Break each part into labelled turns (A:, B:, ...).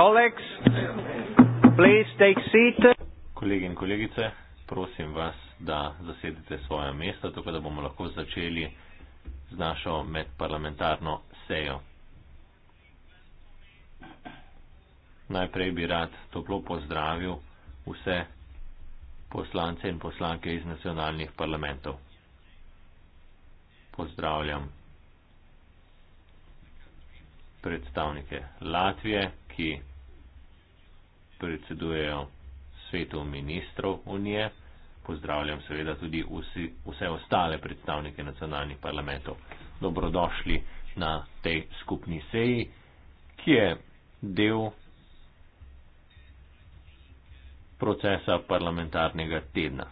A: Colleagues, please
B: take seat.
A: Kolegi in kolegice, prosim vas, da zasedite svoje mesta, tako da bomo lahko začeli z našo medparlamentarno sejo. Najprej bi rad toplo pozdravil vse poslance in poslanke iz nacionalnih parlamentov. Pozdravljam predstavnike Latvije, ki predsedujejo svetu ministrov unije. Pozdravljam seveda tudi vsi, vse ostale predstavnike nacionalnih parlamentov. Dobrodošli na tej skupni seji, ki je del procesa parlamentarnega tedna.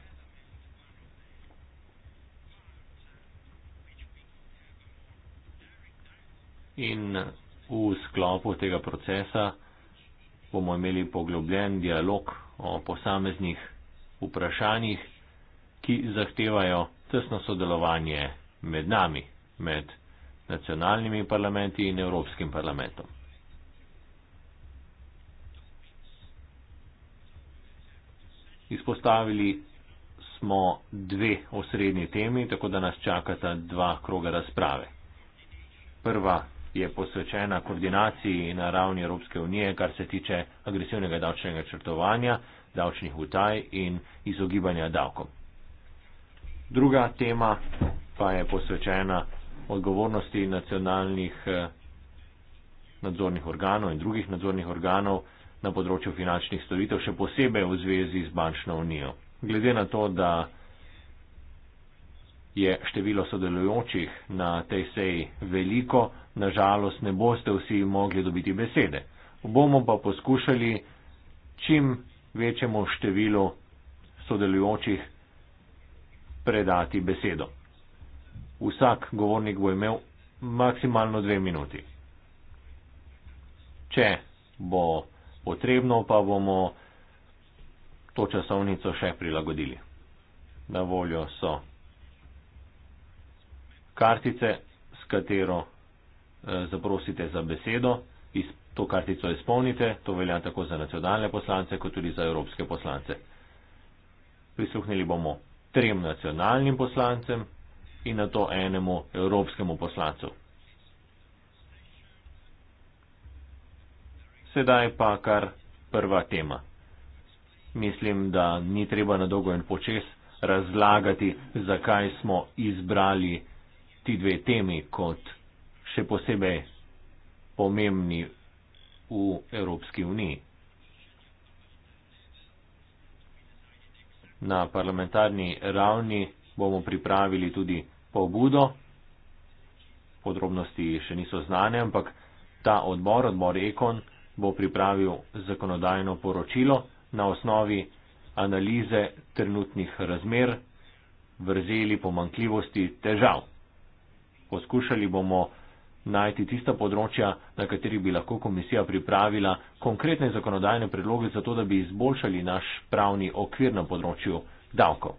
A: In v sklopu tega procesa bomo imeli poglobljen dialog o posameznih vprašanjih, ki zahtevajo tesno sodelovanje med nami, med nacionalnimi parlamenti in Evropskim parlamentom. Izpostavili smo dve osrednji temi, tako da nas čakata dva kroga razprave. Prva je posvečena koordinaciji na ravni Evropske unije, kar se tiče agresivnega davčnega črtovanja, davčnih utaj in izogibanja davkom. Druga tema pa je posvečena odgovornosti nacionalnih eh, nadzornih organov in drugih nadzornih organov na področju finančnih storitev, še posebej v zvezi z bančno unijo. Glede na to, da je število sodelujočih na tej seji veliko, nažalost ne boste vsi mogli dobiti besede. Bomo pa poskušali čim večjemu številu sodelujočih predati besedo. Vsak govornik bo imel maksimalno dve minuti. Če bo potrebno, pa bomo to časovnico še prilagodili. Na voljo so kartice, s katero Eh, zaprosite za besedo, to kartico izpolnite, to velja tako za nacionalne poslance, kot tudi za evropske poslance. Prisluhnili bomo trem nacionalnim poslancem in na to enemu evropskemu poslancu. Sedaj pa kar prva tema. Mislim, da ni treba na dolgo in počes razlagati, zakaj smo izbrali ti dve temi kot še posebej pomembni v Evropski uniji. Na parlamentarni ravni bomo pripravili tudi pobudo, podrobnosti še niso znane, ampak ta odbor, odbor Ekon, bo pripravil zakonodajno poročilo na osnovi analize trenutnih razmer, vrzeli pomankljivosti težav. Poskušali bomo najti tista področja, na katerih bi lahko komisija pripravila konkretne zakonodajne predloge za to, da bi izboljšali naš pravni okvir na področju davkov.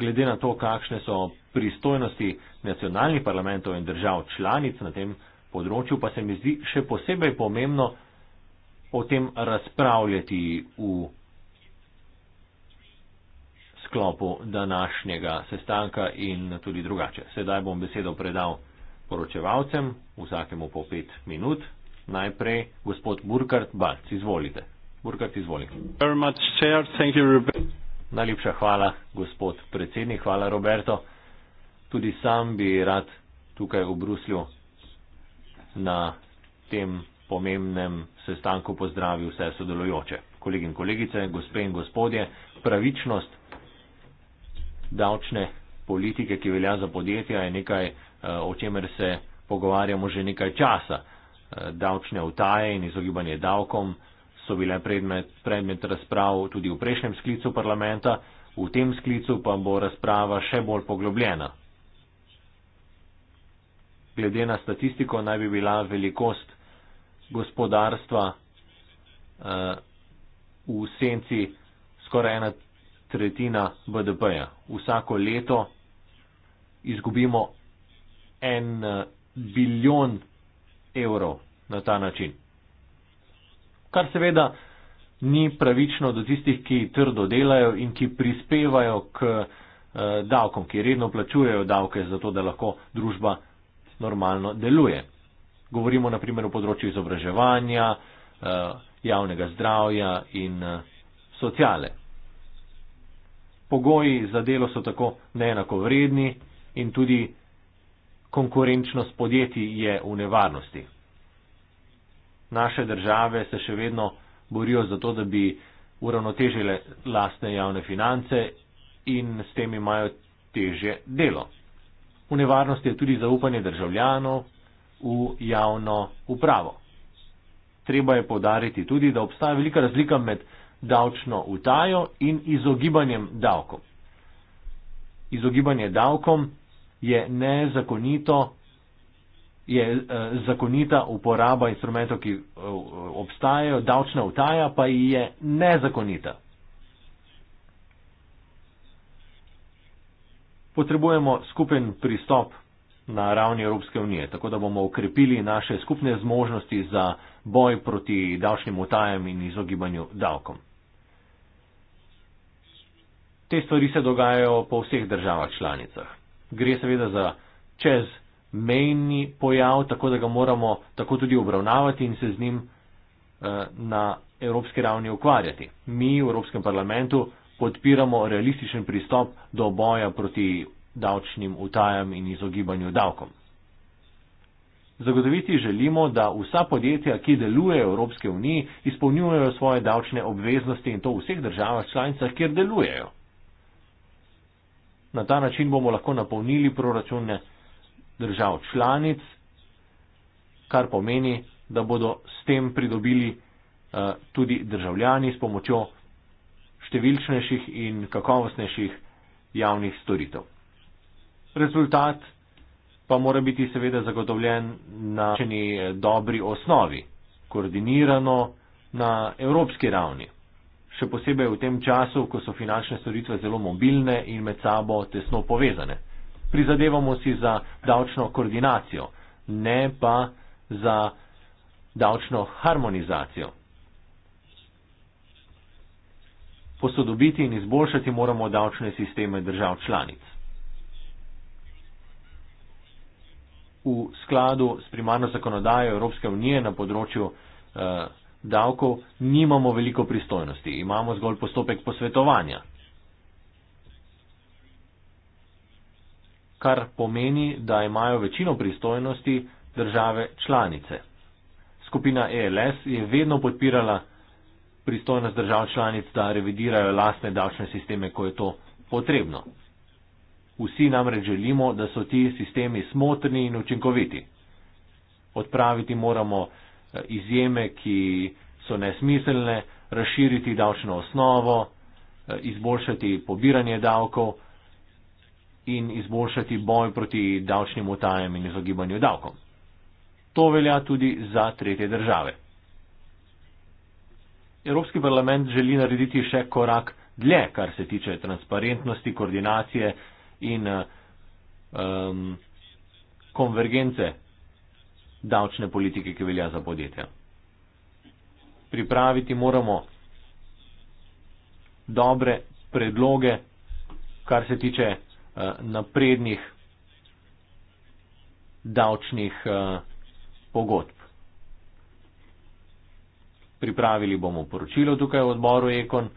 A: Glede na to, kakšne so pristojnosti nacionalnih parlamentov in držav članic na tem področju, pa se mi zdi še posebej pomembno o tem razpravljati v sklopu današnjega sestanka in tudi drugače. Sedaj bom besedo predal poročevalcem, vsakemu po pet minut. Najprej gospod Burkart Balc, izvolite. Burkart, izvolite. Najlepša hvala, gospod predsednik, hvala Roberto. Tudi sam bi rad tukaj v Bruslju na tem pomembnem sestanku pozdravil vse sodelujoče. Kolegi in kolegice, gospe in gospodje, pravičnost davčne politike, ki velja za podjetja, je nekaj, eh, o čemer se pogovarjamo že nekaj časa. Eh, davčne utaje in izogibanje davkom so bile predmet, predmet razprav tudi v prejšnjem sklicu parlamenta, v tem sklicu pa bo razprava še bolj poglobljena. Glede na statistiko naj bi bila velikost gospodarstva uh, v senci skoraj tretjina BDP-ja. Vsako leto izgubimo en eh, biljon evrov na ta način. Kar seveda ni pravično do tistih, ki trdo delajo in ki prispevajo k eh, davkom, ki redno plačujejo davke, zato da lahko družba normalno deluje. Govorimo na primer o področju izobraževanja, eh, javnega zdravja in sociale pogoji za delo so tako neenakovredni in tudi konkurenčnost podjetij je v nevarnosti. Naše države se še vedno borijo za to, da bi uravnotežile lastne javne finance in s tem imajo teže delo. V nevarnosti je tudi zaupanje državljanov v javno upravo. Treba je povdariti tudi, da obstaja velika razlika med davčno utajo in izogibanjem davkom. Izogibanje davkom je nezakonito, je eh, zakonita uporaba instrumentov, ki eh, obstajajo, davčna utaja pa je nezakonita. Potrebujemo skupen pristop na ravni Evropske unije, tako da bomo ukrepili naše skupne zmožnosti za boj proti davčnim utajam in izogibanju davkom. Te stvari se dogajajo po vseh državah članicah. Gre seveda za čezmejni pojav, tako da ga moramo tako tudi obravnavati in se z njim eh, na evropski ravni ukvarjati. Mi v Evropskem parlamentu podpiramo realističen pristop do boja proti davčnim utajam in izogibanju davkom. Zagotoviti želimo, da vsa podjetja, ki delujejo v Evropske uniji, izpolnjujejo svoje davčne obveznosti in to v vseh državah članicah, kjer delujejo. Na ta način bomo lahko napolnili proračune držav članic, kar pomeni, da bodo s tem pridobili uh, tudi državljani s pomočjo številčnejših in kakovostnejših javnih storitev. Rezultat pa mora biti seveda zagotovljen na dobri osnovi, koordinirano na evropski ravni še posebej v tem času, ko so finančne storitve zelo mobilne in med sabo tesno povezane. Prizadevamo si za davčno koordinacijo, ne pa za davčno harmonizacijo. Posodobiti in izboljšati moramo davčne sisteme držav članic. V skladu s primarno zakonodajo Evropske unije na področju eh, davkov nimamo veliko pristojnosti, imamo zgolj postopek posvetovanja. Kar pomeni, da imajo večino pristojnosti države članice. Skupina ELS je vedno podpirala pristojnost držav članic, da revidirajo lastne davčne sisteme, ko je to potrebno. Vsi namreč želimo, da so ti sistemi smotrni in učinkoviti. Odpraviti moramo Eh, izjeme, ki so nesmiselne, razširiti davčno osnovo, eh, izboljšati pobiranje davkov in izboljšati boj proti davčnim utajem in izogibanju davkom. To velja tudi za tretje države. Evropski parlament želi narediti še korak dlje, kar se tiče transparentnosti, koordinacije in um, konvergence davčne politike, ki velja za podjetja. Pripraviti moramo dobre predloge, kar se tiče uh, naprednih davčnih uh, pogodb. Pripravili bomo poročilo tukaj v odboru Ekon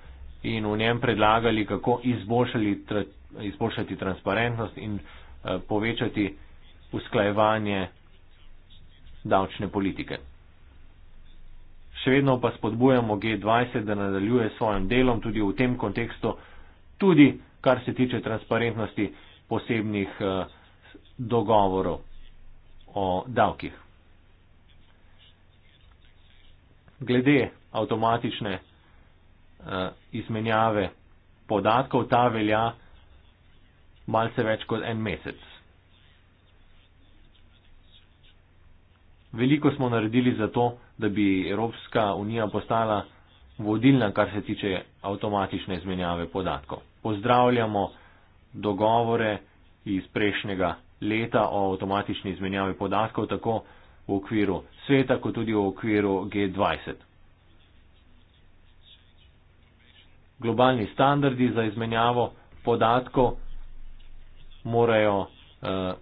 A: in v njem predlagali, kako izboljšali, tra, izboljšati transparentnost in uh, povečati usklajevanje davčne politike. Še vedno pa spodbujamo G20, da nadaljuje svojim delom tudi v tem kontekstu, tudi kar se tiče transparentnosti posebnih eh, dogovorov o davkih. Glede avtomatične eh, izmenjave podatkov, ta velja malce več kot en mesec. Veliko smo naredili za to, da bi Evropska unija postala vodilna, kar se tiče avtomatične izmenjave podatkov. Pozdravljamo dogovore iz prejšnjega leta o avtomatični izmenjavi podatkov, tako v okviru sveta, kot tudi v okviru G20. Globalni standardi za izmenjavo podatkov morajo eh,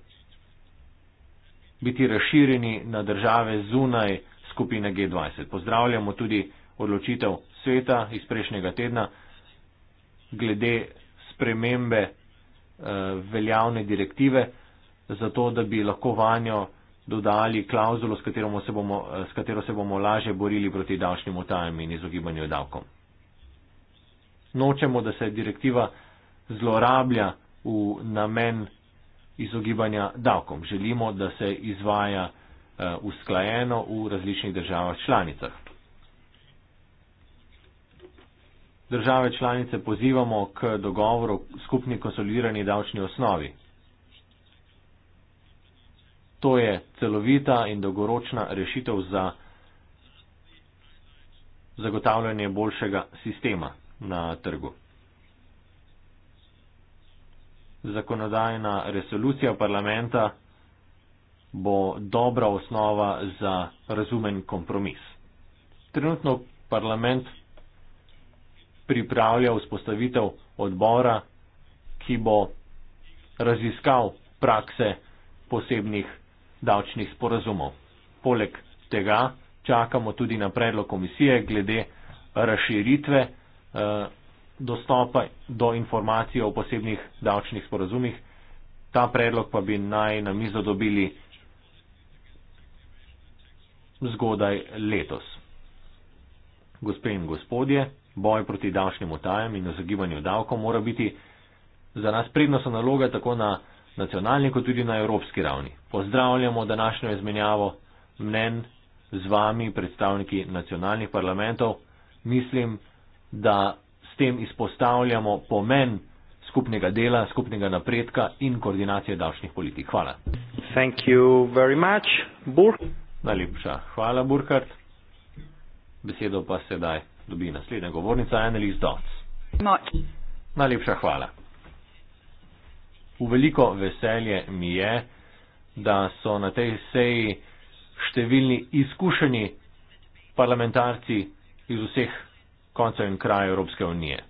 A: biti razširjeni na države zunaj skupine G20. Pozdravljamo tudi odločitev sveta iz prejšnjega tedna glede spremembe eh, veljavne direktive, zato da bi lahko vanjo dodali klauzulo, s, eh, s katero se bomo lažje borili proti davčnim utajam in izogibanju davkom. Nočemo, da se direktiva zlorablja v namen izogibanja davkom. Želimo, da se izvaja eh, usklajeno v različnih državah članicah. Države članice pozivamo k dogovoru skupni konsolidirani davčni osnovi. To je celovita in dolgoročna rešitev za zagotavljanje boljšega sistema na trgu zakonodajna resolucija parlamenta bo dobra osnova za razumen kompromis. Trenutno parlament pripravlja vzpostavitev odbora, ki bo raziskal prakse posebnih davčnih sporazumov. Poleg tega čakamo tudi na predlog komisije glede razširitve eh, dostopa do informacij o posebnih davčnih sporazumih. Ta predlog pa bi naj na mizo dobili zgodaj letos. Gospe in gospodje, boj proti davčnim utajam in ozagibanju davkov mora biti za nas prednostna naloga tako na nacionalni kot tudi na evropski ravni. Pozdravljamo današnjo izmenjavo mnen z vami, predstavniki nacionalnih parlamentov. Mislim, da s tem izpostavljamo pomen skupnega dela, skupnega napredka in koordinacije davčnih politik. Hvala. Najlepša hvala, Burkhard. Besedo pa sedaj dobi naslednja govornica, Annelies Dodds. Najlepša hvala. V veliko veselje mi je, da so na tej seji številni izkušeni parlamentarci iz vseh koncev in kraja Evropske unije.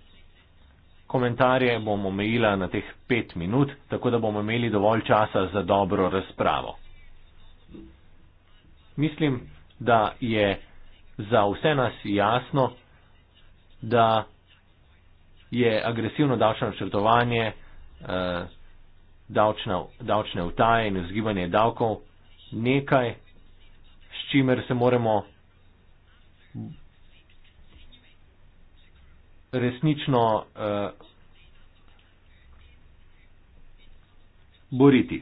A: Komentarje bom omejila na teh pet minut, tako da bomo imeli dovolj časa za dobro razpravo. Mislim, da je za vse nas jasno, da je agresivno davčno načrtovanje, eh, davčne vtaje in vzgibanje davkov nekaj, s čimer se moramo resnično uh, boriti.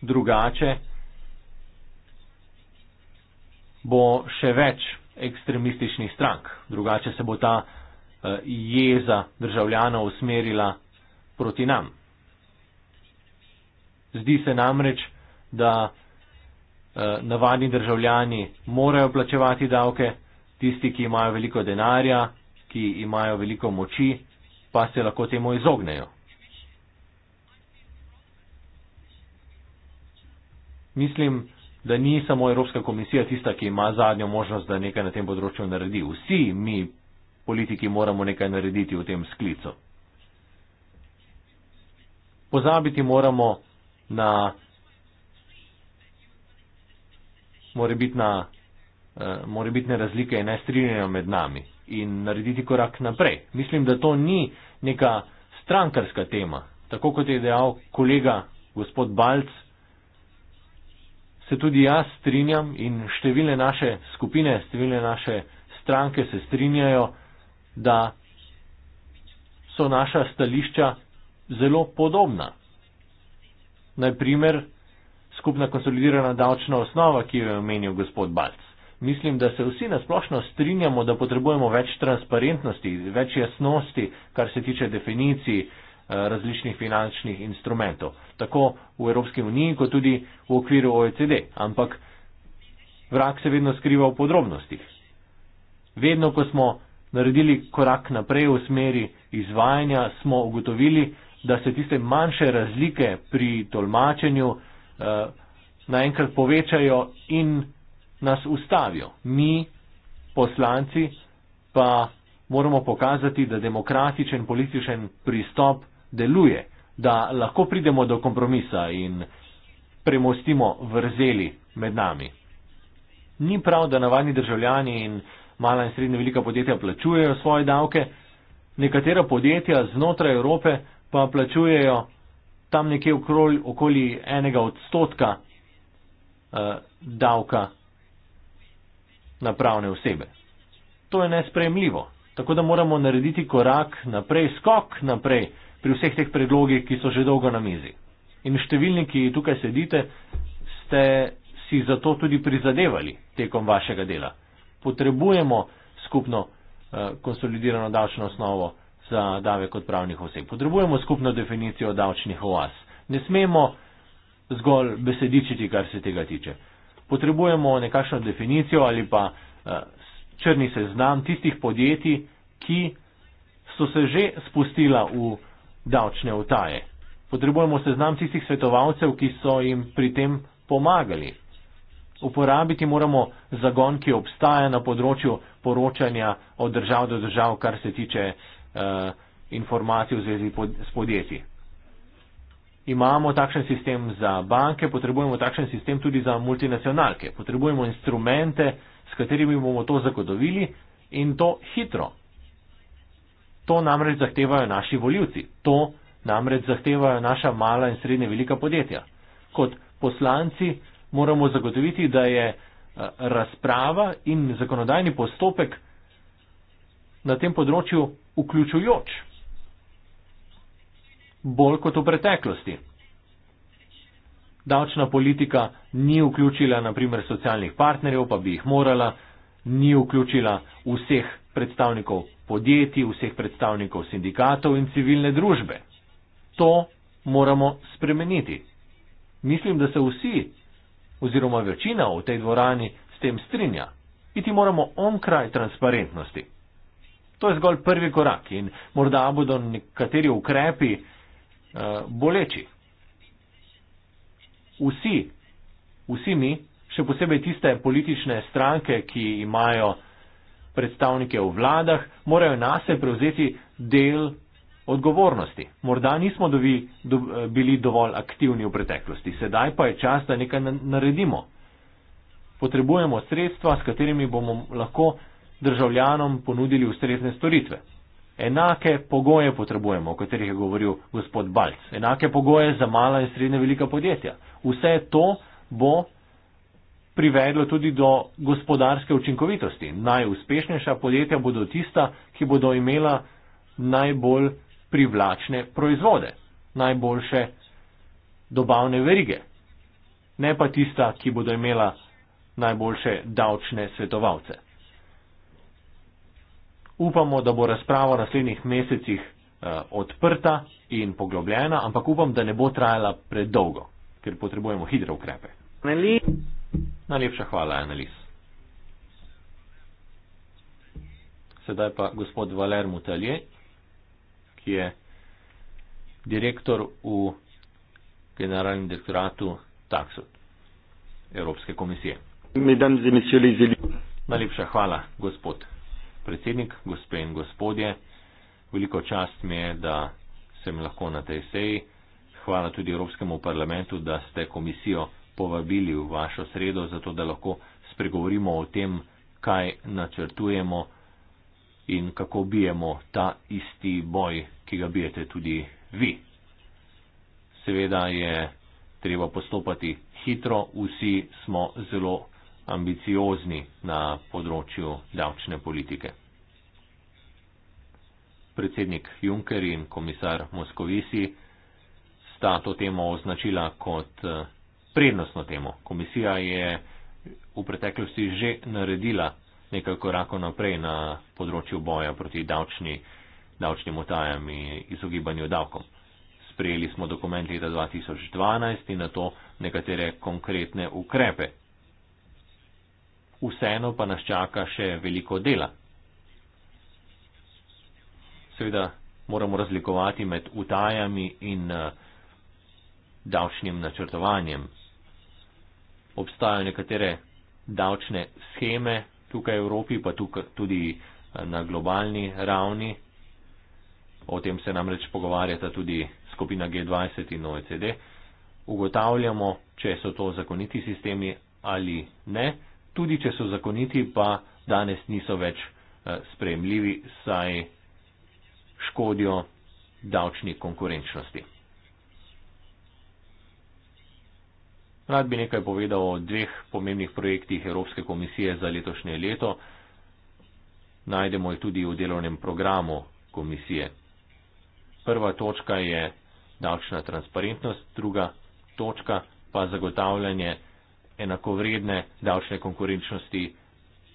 A: Drugače bo še več ekstremističnih strank, drugače se bo ta uh, jeza državljanov usmerila proti nam. Zdi se namreč, da uh, navadni državljani morajo plačevati davke, tisti, ki imajo veliko denarja, ki imajo veliko moči, pa se lahko temu izognejo. Mislim, da ni samo Evropska komisija tista, ki ima zadnjo možnost, da nekaj na tem področju naredi. Vsi mi, politiki, moramo nekaj narediti v tem sklicu. Pozabiti moramo na eh, morebitne mora razlike in nestrinjanja med nami in narediti korak naprej. Mislim, da to ni neka strankarska tema. Tako kot je dejal kolega gospod Balc, se tudi jaz strinjam in številne naše skupine, številne naše stranke se strinjajo, da so naša stališča zelo podobna. Najprimer, skupna konsolidirana davčna osnova, ki jo je omenil gospod Balc mislim, da se vsi nasplošno strinjamo, da potrebujemo več transparentnosti, več jasnosti, kar se tiče definicij eh, različnih finančnih instrumentov, tako v Evropski uniji, kot tudi v okviru OECD. Ampak vrak se vedno skriva v podrobnostih. Vedno, ko smo naredili korak naprej v smeri izvajanja, smo ugotovili, da se tiste manjše razlike pri tolmačenju eh, naenkrat povečajo in nas ustavijo. Mi, poslanci, pa moramo pokazati, da demokratičen političen pristop deluje, da lahko pridemo do kompromisa in premostimo vrzeli med nami. Ni prav, da navadni državljani in mala in srednja velika podjetja plačujejo svoje davke, nekatera podjetja znotraj Evrope pa plačujejo tam nekje okoli enega odstotka eh, davka na pravne osebe. To je nespremljivo, tako da moramo narediti korak naprej, skok naprej pri vseh teh predlogih, ki so že dolgo na mizi. In številni, ki tukaj sedite, ste si zato tudi prizadevali tekom vašega dela. Potrebujemo skupno eh, konsolidirano davčno osnovo za davek od pravnih oseb. Potrebujemo skupno definicijo davčnih oas. Ne smemo zgolj besedičiti, kar se tega tiče potrebujemo nekakšno definicijo ali pa eh, črni seznam tistih podjetij, ki so se že spustila v davčne utaje. Potrebujemo seznam tistih svetovalcev, ki so jim pri tem pomagali. Uporabiti moramo zagon, ki obstaja na področju poročanja od držav do držav, kar se tiče eh, informacij v zvezi pod, s podjetji imamo takšen sistem za banke, potrebujemo takšen sistem tudi za multinacionalke, potrebujemo instrumente, s katerimi bomo to zagotovili in to hitro. To namreč zahtevajo naši voljivci, to namreč zahtevajo naša mala in srednje velika podjetja. Kot poslanci moramo zagotoviti, da je eh, razprava in zakonodajni postopek na tem področju vključujoč bolj kot v preteklosti. Davčna politika ni vključila naprimer socialnih partnerjev, pa bi jih morala, ni vključila vseh predstavnikov podjetij, vseh predstavnikov sindikatov in civilne družbe. To moramo spremeniti. Mislim, da se vsi oziroma večina v tej dvorani s tem strinja. Iti moramo onkraj transparentnosti. To je zgolj prvi korak in morda bodo nekateri ukrepi uh, boleči. Vsi, vsi mi, še posebej tiste politične stranke, ki imajo predstavnike v vladah, morajo nase prevzeti del odgovornosti. Morda nismo dovi, do, eh, bili dovolj aktivni v preteklosti, sedaj pa je čas, da nekaj naredimo. Potrebujemo sredstva, s katerimi bomo lahko državljanom ponudili ustrezne storitve. Enake pogoje potrebujemo, o katerih je govoril gospod Balc. Enake pogoje za mala in srednja velika podjetja. Vse to bo privedlo tudi do gospodarske učinkovitosti. Najuspešnejša podjetja bodo tista, ki bodo imela najbolj privlačne proizvode, najboljše dobavne verige, ne pa tista, ki bodo imela najboljše davčne svetovalce. Upamo, da bo razprava v naslednjih mesecih eh, odprta in poglobljena, ampak upam, da ne bo trajala predolgo, ker potrebujemo hitre ukrepe. Najlepša hvala, Analiz. Sedaj pa gospod Valer Mutelje, ki je direktor v generalnem direktoratu TAXO Evropske komisije. Najlepša hvala, gospod predsednik, gospe in gospodje. Veliko čast mi je, da sem lahko na tej seji. Hvala tudi Evropskemu parlamentu, da ste komisijo povabili v vašo sredo, zato da lahko spregovorimo o tem, kaj načrtujemo in kako bijemo ta isti boj, ki ga bijete tudi vi. Seveda je treba postopati hitro, vsi smo zelo ambiciozni na področju davčne politike. Predsednik Juncker in komisar Moskovisi sta to temo označila kot eh, prednostno temo. Komisija je v preteklosti že naredila nekaj korakov naprej na področju boja proti davčni, davčnim utajam in izogibanju davkom. Sprejeli smo dokument leta 2012 in na to nekatere konkretne ukrepe, vseeno pa nas čaka še veliko dela. Seveda moramo razlikovati med utajami in eh, davčnim načrtovanjem. Obstajajo nekatere davčne scheme tukaj v Evropi, pa tudi eh, na globalni ravni. O tem se namreč pogovarjata tudi skupina G20 in OECD. Ugotavljamo, če so to zakoniti sistemi ali ne tudi če so zakoniti, pa danes niso več eh, sprejemljivi, saj škodijo davčni konkurenčnosti. Rad bi nekaj povedal o dveh pomembnih projektih Evropske komisije za letošnje leto. Najdemo jih tudi v delovnem programu komisije. Prva točka je davčna transparentnost, druga točka pa zagotavljanje enakovredne davčne konkurenčnosti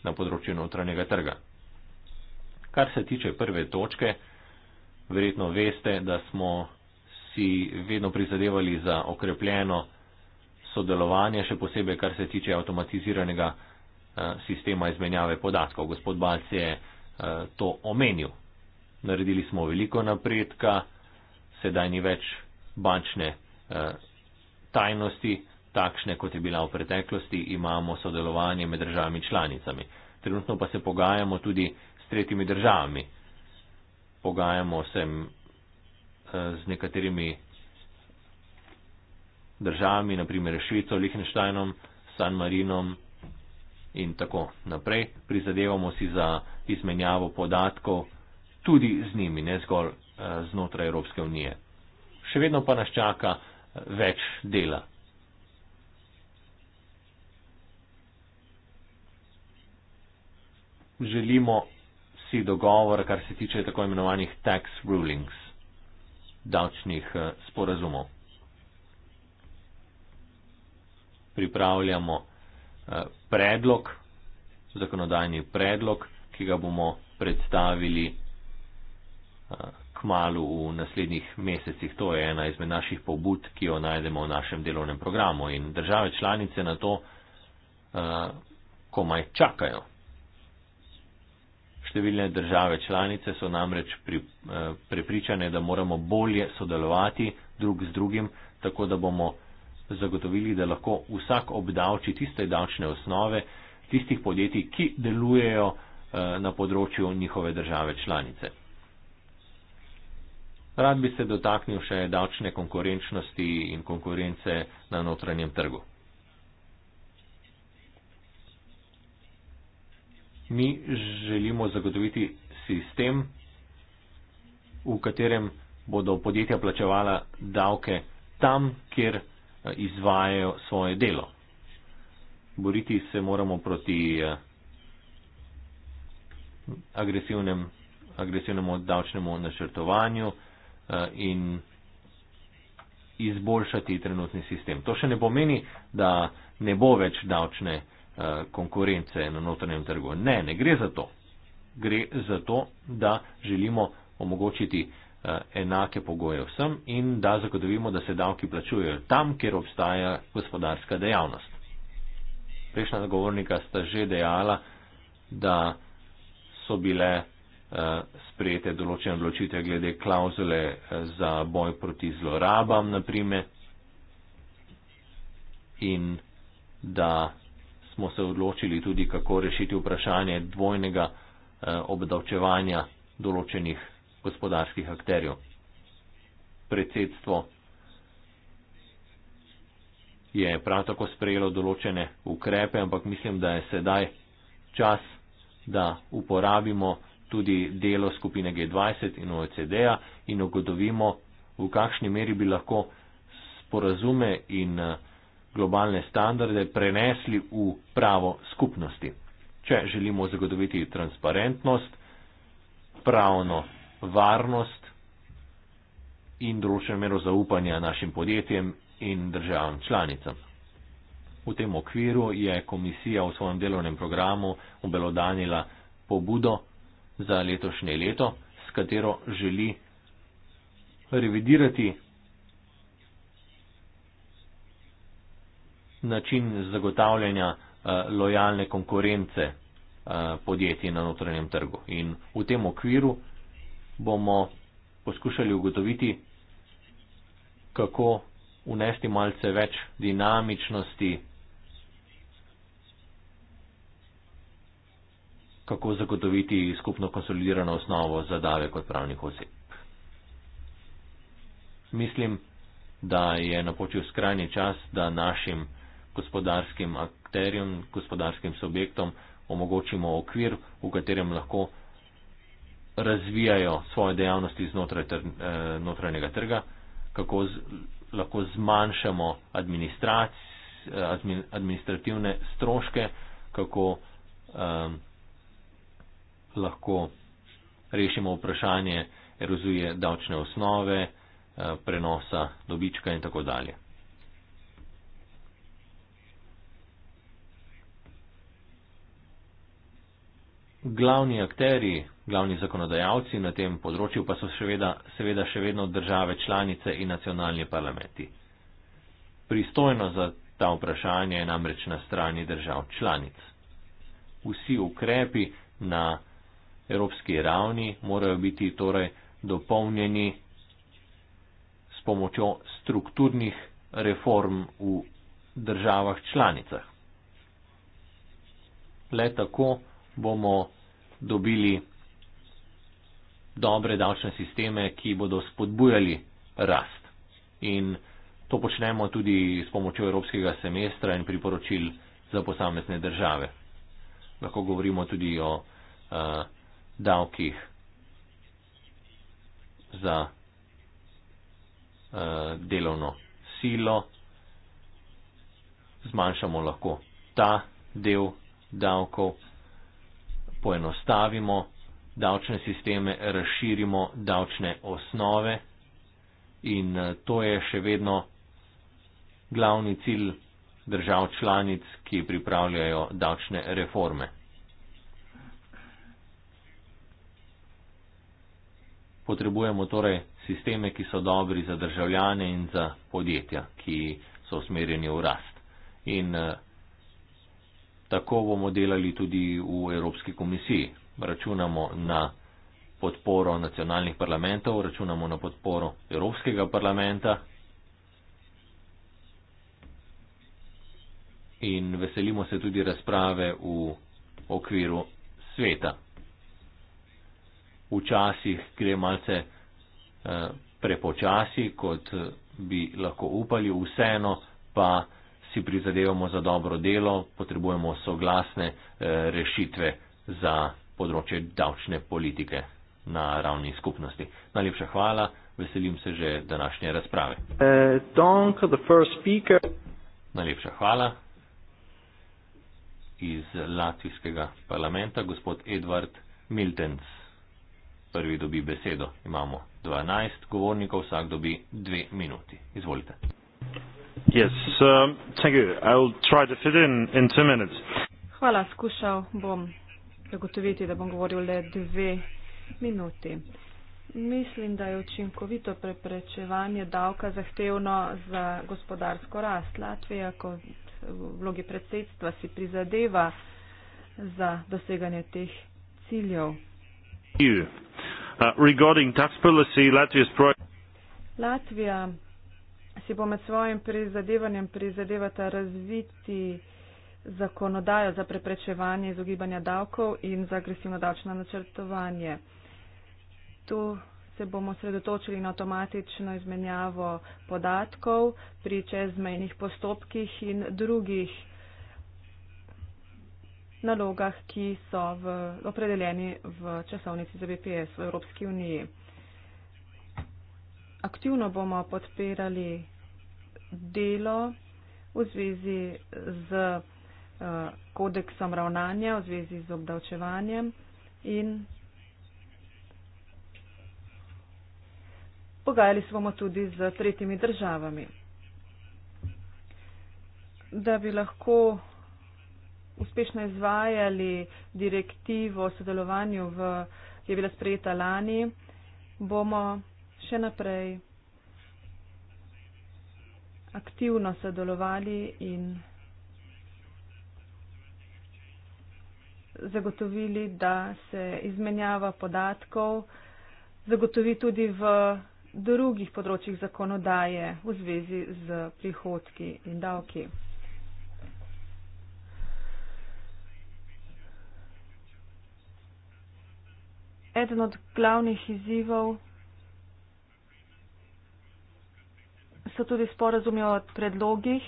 A: na področju notranjega trga. Kar se tiče prve točke, verjetno veste, da smo si vedno prizadevali za okrepljeno sodelovanje, še posebej kar se tiče avtomatiziranega eh, sistema izmenjave podatkov. Gospod Balc je eh, to omenil. Naredili smo veliko napredka, sedaj ni več bančne eh, tajnosti, takšne, kot je bila v preteklosti, imamo sodelovanje med državami članicami. Trenutno pa se pogajamo tudi s tretjimi državami. Pogajamo se eh, z nekaterimi državami, naprimer Švico, Lihtensteinom, San Marinom in tako naprej. Prizadevamo si za izmenjavo podatkov tudi z njimi, ne zgolj eh, znotraj Evropske unije. Še vedno pa nas čaka eh, več dela. želimo si dogovor, kar se tiče tako imenovanih tax rulings, davčnih eh, sporazumov. Pripravljamo eh, predlog, zakonodajni predlog, ki ga bomo predstavili eh, kmalu v naslednjih mesecih. To je ena izmed naših pobud, ki jo najdemo v našem delovnem programu in države članice na to komaj čakajo. Številne države članice so namreč pri, eh, prepričane, da moramo bolje sodelovati drug z drugim, tako da bomo zagotovili, da lahko vsak obdavči tiste davčne osnove tistih podjetij, ki delujejo eh, na področju njihove države članice. Rad bi se dotaknil še davčne konkurenčnosti in konkurence na notranjem trgu. Mi želimo zagotoviti sistem, v katerem bodo podjetja plačevala davke tam, kjer eh, izvajajo svoje delo. Boriti se moramo proti eh, agresivnem, agresivnemu davčnemu načrtovanju eh, in izboljšati trenutni sistem. To še ne pomeni, da ne bo več davčne Eh, konkurence na notranjem trgu. Ne, ne gre za to. Gre za to, da želimo omogočiti eh, enake pogoje vsem in da zagotovimo, da se davki plačujejo tam, kjer obstaja gospodarska dejavnost. Prejšnja zagovornika sta že dejala, da so bile eh, sprejete določene odločitve glede klauzule za boj proti zlorabam, naprimer, in da smo se odločili tudi, kako rešiti vprašanje dvojnega eh, obdavčevanja določenih gospodarskih akterjev. Predsedstvo je prav tako sprejelo določene ukrepe, ampak mislim, da je sedaj čas, da uporabimo tudi delo skupine G20 in OECD-a in ugotovimo, v kakšni meri bi lahko sporazume in uh, globalne standarde prenesli v pravo skupnosti. Če želimo zagotoviti transparentnost, pravno varnost in določeno mero zaupanja našim podjetjem in državam članicam. V tem okviru je komisija v svojem delovnem programu obelodanila pobudo za letošnje leto, s katero želi revidirati način zagotavljanja eh, lojalne konkurence eh, podjetij na notranjem trgu. In v tem okviru bomo poskušali ugotoviti, kako unesti malce več dinamičnosti, kako zagotoviti skupno konsolidirano osnovo za davek od pravnih oseb. Mislim, da je napočil skrajni čas, da našim gospodarskim akterjem, gospodarskim subjektom omogočimo okvir, v katerem lahko razvijajo svoje dejavnosti znotraj tr, eh, notranjega trga, kako z, lahko zmanjšamo administrac, admin, administrativne stroške, kako eh, lahko rešimo vprašanje erozuje davčne osnove, eh, prenosa dobička in tako dalje. Glavni akteri, glavni zakonodajalci na tem področju pa so seveda, seveda še vedno države članice in nacionalni parlamenti. Pristojno za ta vprašanje je namreč na strani držav članic. Vsi ukrepi na evropski ravni morajo biti torej dopolnjeni s pomočjo strukturnih reform v državah članicah. Le tako bomo dobili dobre davčne sisteme, ki bodo spodbujali rast. In to počnemo tudi s pomočjo evropskega semestra in priporočil za posamezne države. Lahko govorimo tudi o uh, davkih za uh, delovno silo. Zmanjšamo lahko ta del davkov poenostavimo davčne sisteme, razširimo davčne osnove in eh, to je še vedno glavni cilj držav članic, ki pripravljajo davčne reforme. Potrebujemo torej sisteme, ki so dobri za državljane in za podjetja, ki so usmerjeni v rast. In eh, Tako bomo delali tudi v Evropski komisiji. Računamo na podporo nacionalnih parlamentov, računamo na podporo Evropskega parlamenta in veselimo se tudi razprave v okviru sveta. Včasih gre malce eh, prepočasi, kot bi lahko upali, vseeno pa si prizadevamo za dobro delo, potrebujemo soglasne eh, rešitve za področje davčne politike na ravni skupnosti. Najlepša hvala, veselim se že današnje razprave. Eh, Najlepša hvala. Iz Latvijskega parlamenta gospod Edvard Miltens. Prvi dobi besedo. Imamo 12 govornikov, vsak dobi dve minuti. Izvolite. Yes, um, thank you. I will try to fit in in two minutes.
C: Hvala, skušal bom zagotoviti, da bom govoril le dve minuti. Mislim, da je učinkovito preprečevanje davka zahtevno za gospodarsko rast. Latvija kot vlogi predsedstva si prizadeva za doseganje teh ciljev. Uh, policy, Latvija si bo med svojim prizadevanjem prizadevata razviti zakonodajo za preprečevanje izogibanja davkov in za agresivno davčno načrtovanje. Tu se bomo sredotočili na avtomatično izmenjavo podatkov pri čezmejnih postopkih in drugih nalogah, ki so v, opredeljeni v časovnici za BPS v Evropski uniji. Aktivno bomo podpirali delo v zvezi z eh, kodeksom ravnanja, v zvezi z obdavčevanjem in pogajali smo bomo tudi z tretjimi državami. Da bi lahko uspešno izvajali direktivo o sodelovanju, v, ki je bila sprejeta lani, bomo še naprej aktivno sodelovali in zagotovili, da se izmenjava podatkov zagotovi tudi v drugih področjih zakonodaje v zvezi z prihodki in davki. Eden od glavnih izzivov so tudi sporazumi o predlogih,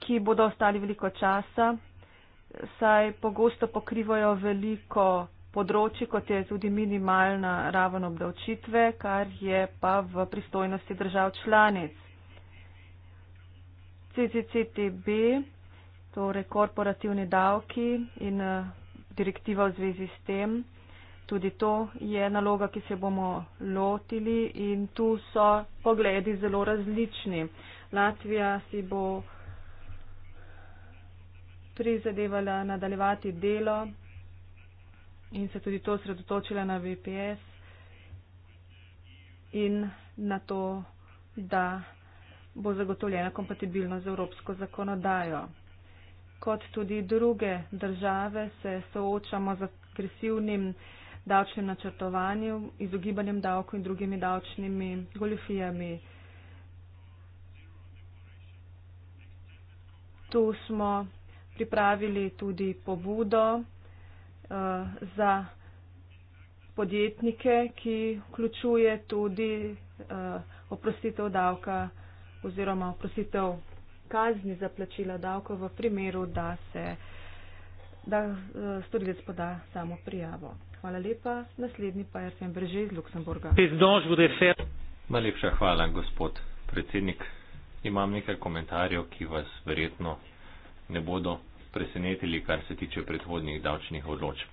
C: ki bodo ostali veliko časa, saj pogosto pokrivajo veliko področji, kot je tudi minimalna raven obdavčitve, kar je pa v pristojnosti držav članic. CCCTB, torej korporativni davki in eh, direktiva v zvezi s tem, Tudi to je naloga, ki se bomo lotili in tu so pogledi zelo različni. Latvija si bo prizadevala nadaljevati delo in se tudi to sredotočila na VPS in na to, da bo zagotovljena kompatibilnost z evropsko zakonodajo. Kot tudi druge države se soočamo z agresivnim davčnem načrtovanju, izogibanjem davku in drugimi davčnimi goljofijami. Tu smo pripravili tudi pobudo uh, za podjetnike, ki vključuje tudi uh, oprostitev davka oziroma oprostitev kazni za plačila davka v primeru, da se da eh, storilec poda samo prijavo. Hvala lepa. Naslednji pa je Arsen Brže iz Luksemburga.
A: Najlepša hvala, gospod predsednik. Imam nekaj komentarjev, ki vas verjetno ne bodo presenetili, kar se tiče predhodnih davčnih odločb.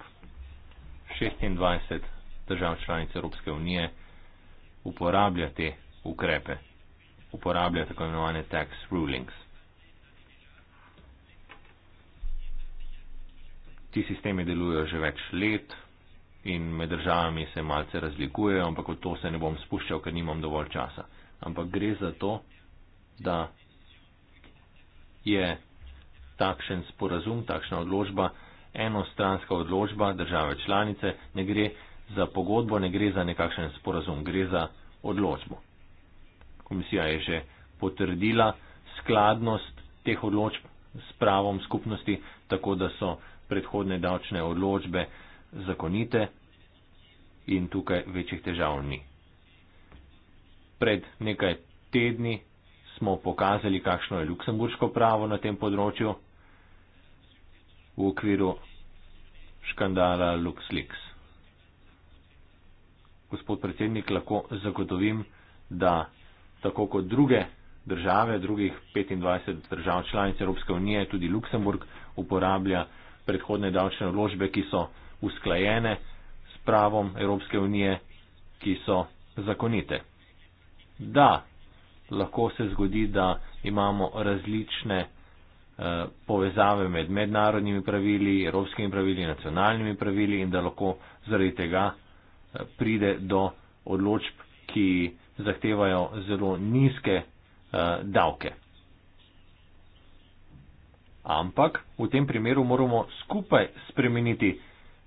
A: 26 držav članic Evropske unije uporablja te ukrepe, uporablja tako imenovane tax rulings. Ti sistemi delujejo že več let, in med državami se malce razlikujejo, ampak v to se ne bom spuščal, ker nimam dovolj časa. Ampak gre za to, da je takšen sporazum, takšna odložba, enostranska odložba države članice, ne gre za pogodbo, ne gre za nekakšen sporazum, gre za odložbo. Komisija je že potrdila skladnost teh odločb s pravom skupnosti, tako da so predhodne davčne odločbe zakonite in tukaj večjih težav ni. Pred nekaj tedni smo pokazali, kakšno je luksemburško pravo na tem področju v okviru škandala LuxLeaks. Gospod predsednik, lahko zagotovim, da tako kot druge države, drugih 25 držav članic Evropske unije, tudi Luksemburg uporablja predhodne davčne odložbe, ki so usklajene s pravom Evropske unije, ki so zakonite. Da, lahko se zgodi, da imamo različne eh, povezave med mednarodnimi pravili, evropskimi pravili, nacionalnimi pravili in da lahko zaradi tega eh, pride do odločb, ki zahtevajo zelo nizke eh, davke. Ampak v tem primeru moramo skupaj spremeniti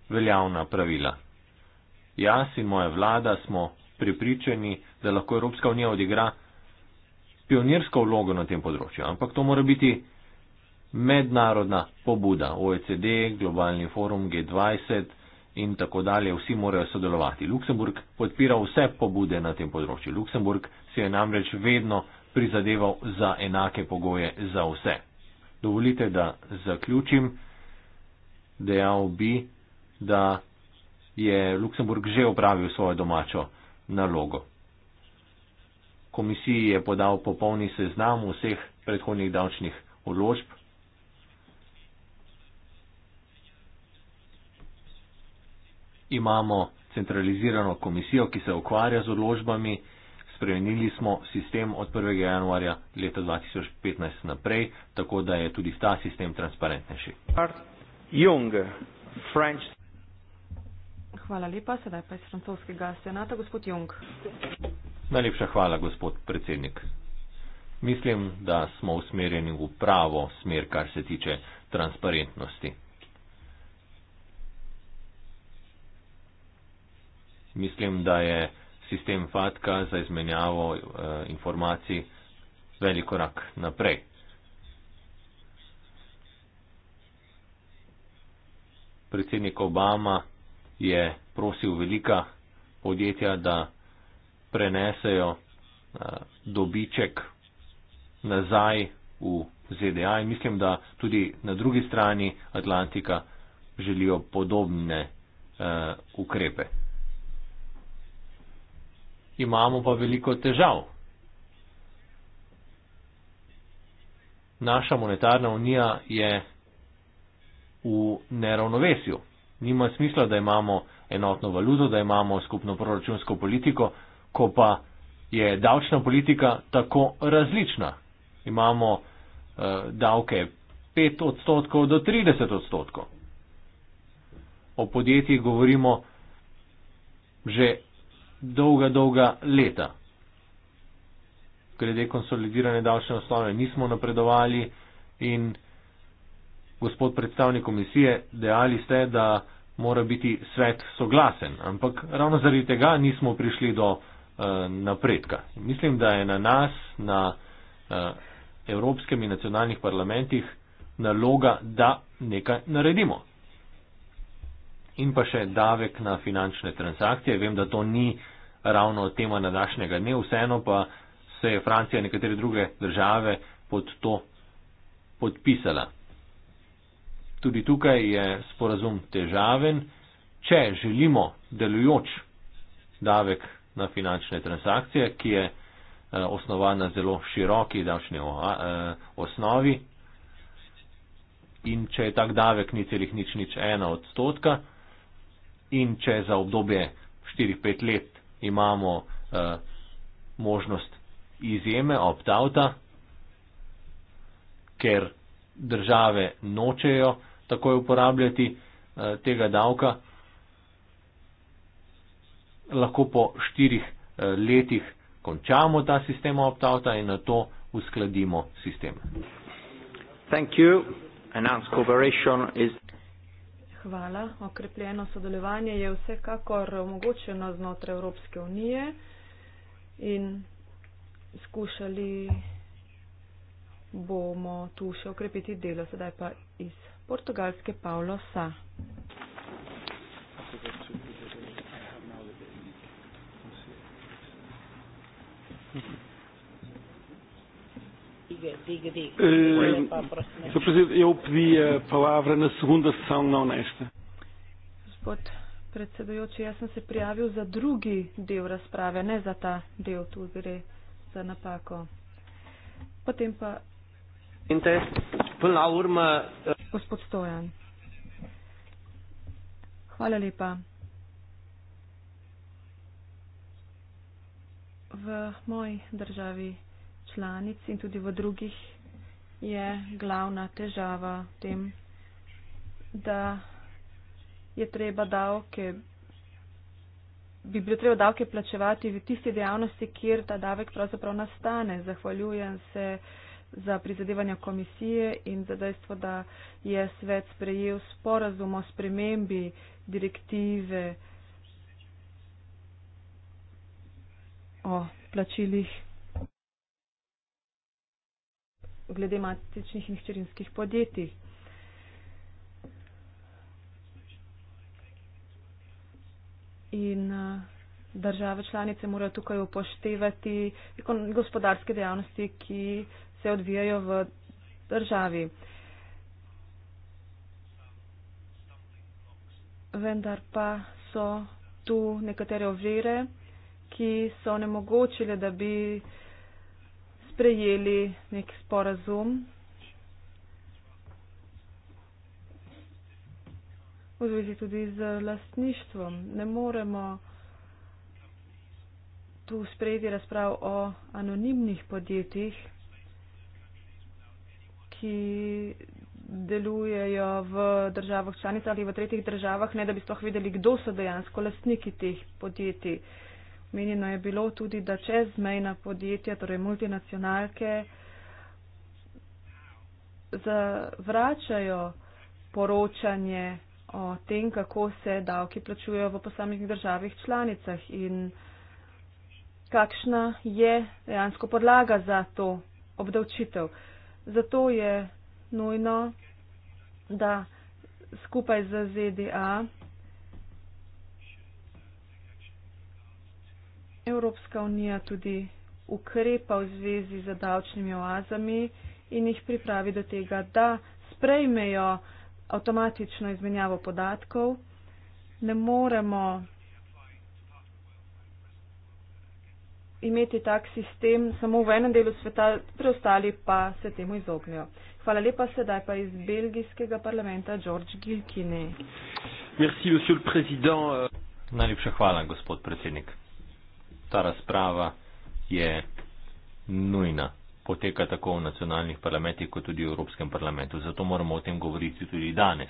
A: veljavna pravila. Jaz in moja vlada smo pripričani, da lahko Evropska unija odigra pionirsko vlogo na tem področju, ampak to mora biti mednarodna pobuda. OECD, globalni forum, G20 in tako dalje, vsi morajo sodelovati. Luksemburg podpira vse pobude na tem področju. Luksemburg si je namreč vedno prizadeval za enake pogoje za vse. Dovolite, da zaključim. Dejal bi, da je Luksemburg že opravil svojo domačo nalogo. Komisiji je podal popolni seznam vseh predhodnih davčnih odložb. Imamo centralizirano komisijo, ki se ukvarja z odložbami. Spremenili smo sistem od 1. januarja leta 2015 naprej, tako da je tudi ta sistem transparentnejši. Jung, French
C: Hvala lepa. Sedaj pa iz francoskega senata gospod Jung.
A: Najlepša hvala, gospod predsednik. Mislim, da smo usmerjeni v pravo smer, kar se tiče transparentnosti. Mislim, da je sistem FATKA za izmenjavo eh, informacij velik korak naprej. Predsednik Obama je prosil velika podjetja, da prenesejo eh, dobiček nazaj v ZDA in mislim, da tudi na drugi strani Atlantika želijo podobne eh, ukrepe. Imamo pa veliko težav. Naša monetarna unija je v neravnovesju nima smisla, da imamo enotno valuto, da imamo skupno proračunsko politiko, ko pa je davčna politika tako različna. Imamo eh, davke 5 odstotkov do 30 odstotkov. O podjetjih govorimo že dolga, dolga leta. Glede konsolidirane davčne osnove nismo napredovali in gospod predstavnik komisije, dejali ste, da mora biti svet soglasen, ampak ravno zaradi tega nismo prišli do uh, napredka. Mislim, da je na nas, na uh, evropskem in nacionalnih parlamentih, naloga, da nekaj naredimo. In pa še davek na finančne transakcije. Vem, da to ni ravno tema na današnjega dne, vseeno pa se je Francija in nekatere druge države pod to podpisala tudi tukaj je sporazum težaven, če želimo delujoč davek na finančne transakcije, ki je eh, osnovan na zelo široki davčni eh, osnovi in če je tak davek ni celih nič nič ena odstotka in če za obdobje 4-5 let imamo eh, možnost izjeme opt-outa, ker države nočejo takoj uporabljati eh, tega davka, lahko po štirih eh, letih končamo ta sistem opt-outa in na to uskladimo sistem.
C: Hvala. Okrepljeno sodelovanje je vsekakor omogočeno znotraj Evropske unije in skušali bomo tu še okrepiti delo, sedaj pa iz portugalske Paulo Sa. Eh, Sr. Presidente, eu pedi a palavra na segunda sessão, não nesta. predsedujoči, jaz sem se prijavil za drugi del razprave, ne za ta del, tu gre za napako. Potem pa.
A: In te, polna
C: urma. Uh gospod Stojan. Hvala lepa. V moji državi članic in tudi v drugih je glavna težava v tem, da je treba davke, bi bilo treba davke plačevati v tisti dejavnosti, kjer ta davek pravzaprav nastane. Zahvaljujem se za prizadevanja komisije in za dejstvo, da je svet sprejel sporazum o spremembi direktive o plačilih glede matičnih in hčerinskih podjetij. In uh, države članice morajo tukaj upoštevati gospodarske dejavnosti, ki se odvijajo v državi. Vendar pa so tu nekatere ovire, ki so nemogočile, da bi sprejeli nek sporazum. V zvezi tudi z lastništvom. Ne moremo tu sprejeti razprav o anonimnih podjetjih ki delujejo v državah članicah ali v tretjih državah, ne da bi sploh vedeli, kdo so dejansko lastniki teh podjetij. Menjeno je bilo tudi, da čezmejna podjetja, torej multinacionalke, zavračajo poročanje o tem, kako se davki plačujejo v posameznih državah članicah in kakšna je dejansko podlaga za to obdavčitev. Zato je nujno, da skupaj z ZDA Evropska unija tudi ukrepa v zvezi z davčnimi oazami in jih pripravi do tega, da sprejmejo avtomatično izmenjavo podatkov. Ne moremo imeti tak sistem samo v enem delu sveta, preostali pa se temu izognijo. Hvala lepa sedaj pa iz belgijskega parlamenta George Gilkine.
A: Merci, monsieur le président. Najlepša hvala, gospod predsednik. Ta razprava je nujna. Poteka tako v nacionalnih parlamentih, kot tudi v Evropskem parlamentu. Zato moramo o tem govoriti tudi danes.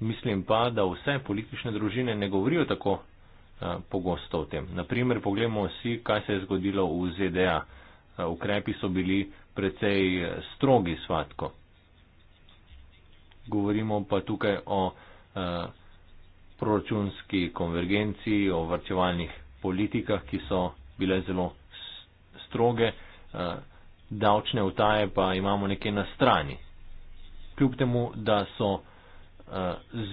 A: Mislim pa, da vse politične družine ne govorijo tako Eh, pogosto v tem. Naprimer, pogledamo vsi, kaj se je zgodilo v ZDA. Eh, ukrepi so bili precej eh, strogi svatko. Govorimo pa tukaj o proračunski konvergenci, o vrčevalnih politikah, ki so bile zelo stroge, davčne vtaje pa imamo nekje na strani. Kljub temu, da so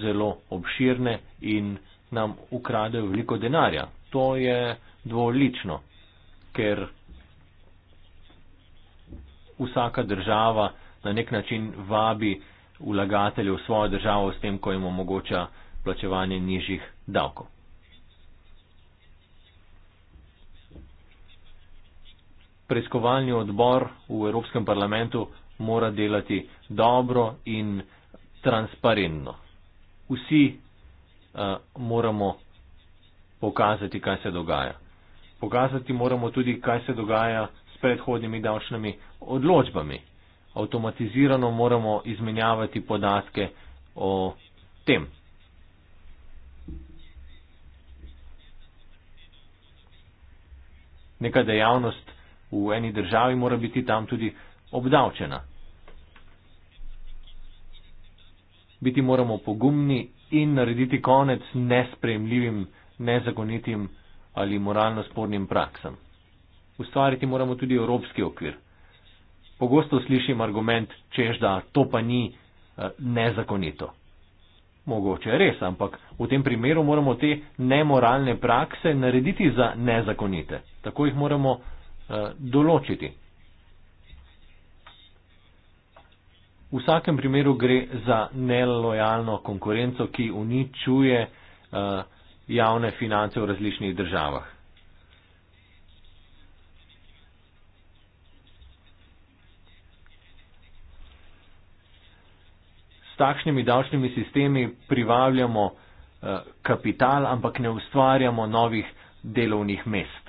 A: zelo obširne in nam ukradejo veliko denarja. To je dvolično, ker vsaka država na nek način vabi vlagatelje v svojo državo s tem, ko jim omogoča plačevanje nižjih davkov. Preiskovalni odbor v Evropskem parlamentu mora delati dobro in transparentno. Vsi Eh, moramo pokazati, kaj se dogaja. Pokazati moramo tudi, kaj se dogaja s predhodnimi davčnimi odločbami. Automatizirano moramo izmenjavati podatke o tem. Neka dejavnost v eni državi mora biti tam tudi obdavčena. Biti moramo pogumni in narediti konec nespremljivim, nezakonitim ali moralno spornim praksam. Ustvariti moramo tudi evropski okvir. Pogosto slišim argument, čež da to pa ni eh, nezakonito. Mogoče je res, ampak v tem primeru moramo te nemoralne prakse narediti za nezakonite. Tako jih moramo uh, določiti. V vsakem primeru gre za nelojalno konkurenco, ki uničuje uh, javne finance v različnih državah. S takšnimi davčnimi sistemi privabljamo uh, kapital, ampak ne ustvarjamo novih delovnih mest.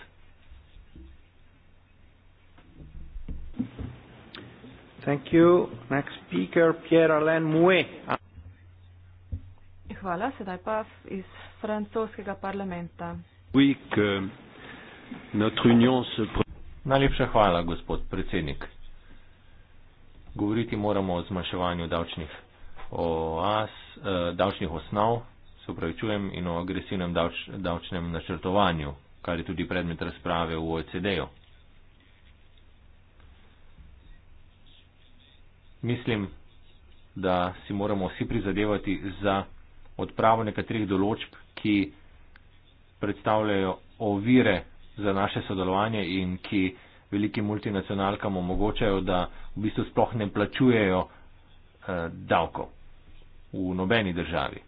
A: Thank you. Next speaker, Pierre-Alain Mouet.
C: Hvala. Sedaj pa iz francoskega parlamenta.
A: Najlepša hvala, gospod predsednik. Govoriti moramo o zmanjševanju davčnih oaz, eh, davčnih osnov, se opravičujem, in o agresivnem davčnem načrtovanju, kar je tudi predmet razprave v OECD-ju. mislim, da si moramo vsi prizadevati za odpravo nekaterih določb, ki predstavljajo ovire za naše sodelovanje in ki velikim multinacionalkam omogočajo, da v bistvu sploh ne plačujejo eh, davkov v nobeni državi.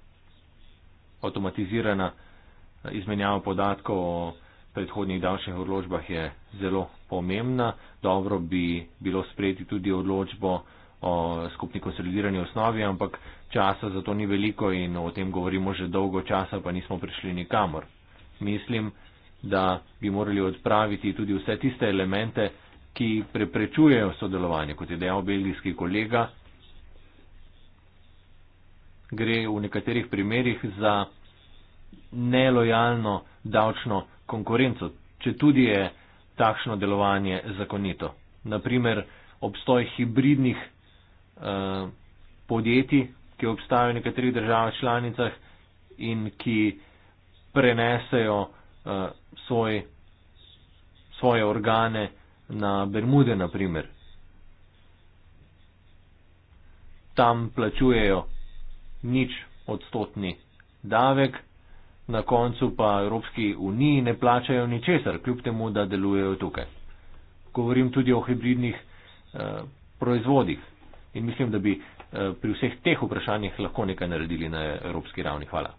A: Automatizirana eh, izmenjava podatkov o predhodnih davčnih odločbah je zelo pomembna. Dobro bi bilo sprejeti tudi odločbo, o skupni konsolidirani osnovi, ampak časa za to ni veliko in o tem govorimo že dolgo časa, pa nismo prišli nikamor. Mislim, da bi morali odpraviti tudi vse tiste elemente, ki preprečujejo sodelovanje, kot je dejal belgijski kolega. Gre v nekaterih primerjih za nelojalno davčno konkurenco, če tudi je takšno delovanje zakonito. Naprimer, obstoj hibridnih Eh, podjetij, ki obstajajo v nekaterih državah članicah in ki prenesejo uh, svoj, svoje organe na Bermude, naprimer. Tam plačujejo nič odstotni davek, na koncu pa Evropski uniji ne plačajo ničesar, kljub temu, da delujejo tukaj. Govorim tudi o hibridnih uh, proizvodih in mislim, da bi eh, pri vseh teh vprašanjih lahko nekaj naredili na evropski ravni. Hvala.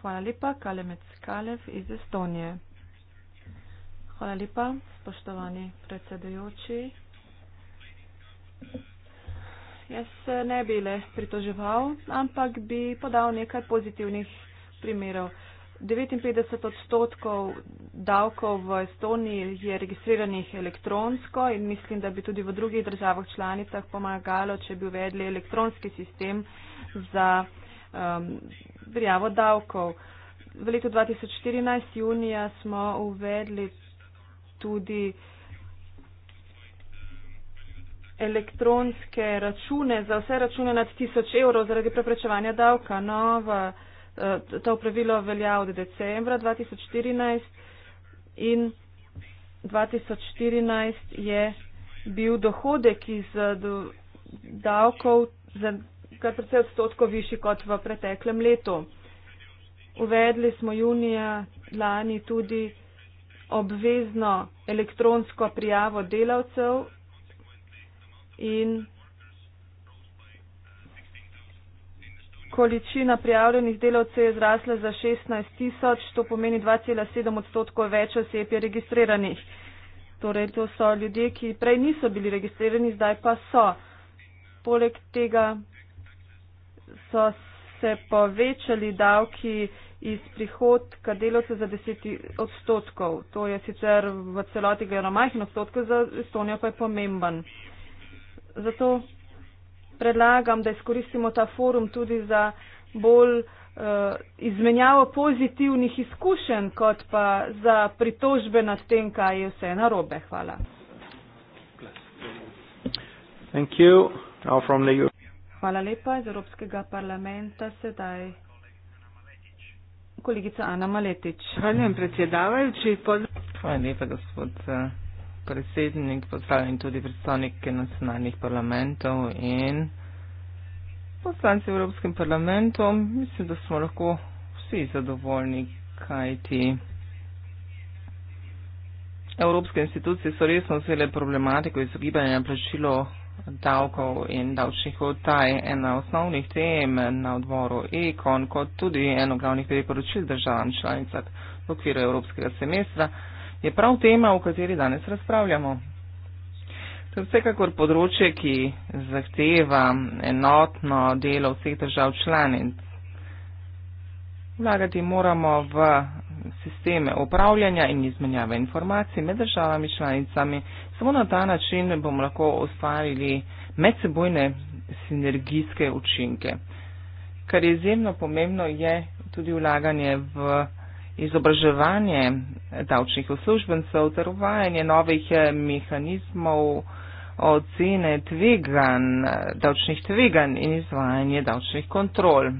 C: Hvala lepa, Kalemec Kalev iz Estonije. Hvala lepa, spoštovani predsedujoči. Jaz se ne bi le pritoževal, ampak bi podal nekaj pozitivnih primerov. 59 odstotkov davkov v Estoniji je registriranih elektronsko in mislim, da bi tudi v drugih državah članicah pomagalo, če bi uvedli elektronski sistem za um, prijavo davkov. V letu 2014 junija smo uvedli tudi elektronske račune za vse račune nad 1000 evrov zaradi preprečevanja davka. No, Eh, to pravilo velja od decembra 2014 in 2014 je bil dohodek iz eh, davkov za kar precej odstotkov višji kot v preteklem letu. Uvedli smo junija lani tudi obvezno elektronsko prijavo delavcev in količina prijavljenih delavcev je zrasla za 16 tisoč, to pomeni 2,7 odstotkov več oseb je registriranih. Torej, to so ljudje, ki prej niso bili registrirani, zdaj pa so. Poleg tega so se povečali davki iz prihodka delovcev za 10 odstotkov. To je sicer v celoti gledano majhen odstotek, za Estonijo pa je pomemben. Zato predlagam, da izkoristimo ta forum tudi za bolj uh, izmenjavo pozitivnih izkušenj, kot pa za pritožbe nad tem, kaj je vse narobe. Hvala. Hvala lepa. Iz Evropskega parlamenta sedaj. Kolegica Ana Maletič. Hvala lepa,
B: predsedavajoči. Hvala lepa, gospod. Uh, predsednik, pozdravljeni tudi predstavnike nacionalnih parlamentov in poslanci Evropskim parlamentom. Mislim, da smo lahko vsi zadovoljni, kajti Evropske institucije so resno vzele problematiko izogibanja na plačilo davkov in davčnih odtaj ena osnovnih tem na odboru EKON, kot tudi eno glavnih priporočil državam članicam v okviru Evropskega semestra je prav tema, o kateri danes razpravljamo. To je vsekakor področje, ki zahteva enotno delo vseh držav članic. Vlagati moramo v sisteme upravljanja in izmenjave informacij med državami članicami. Samo na ta način bomo lahko ustvarili medsebojne sinergijske učinke. Kar je izjemno pomembno, je tudi vlaganje v izobraževanje davčnih uslužbencev ter uvajanje novih eh, mehanizmov ocene tvegan, eh, davčnih tvegan in izvajanje davčnih kontrol.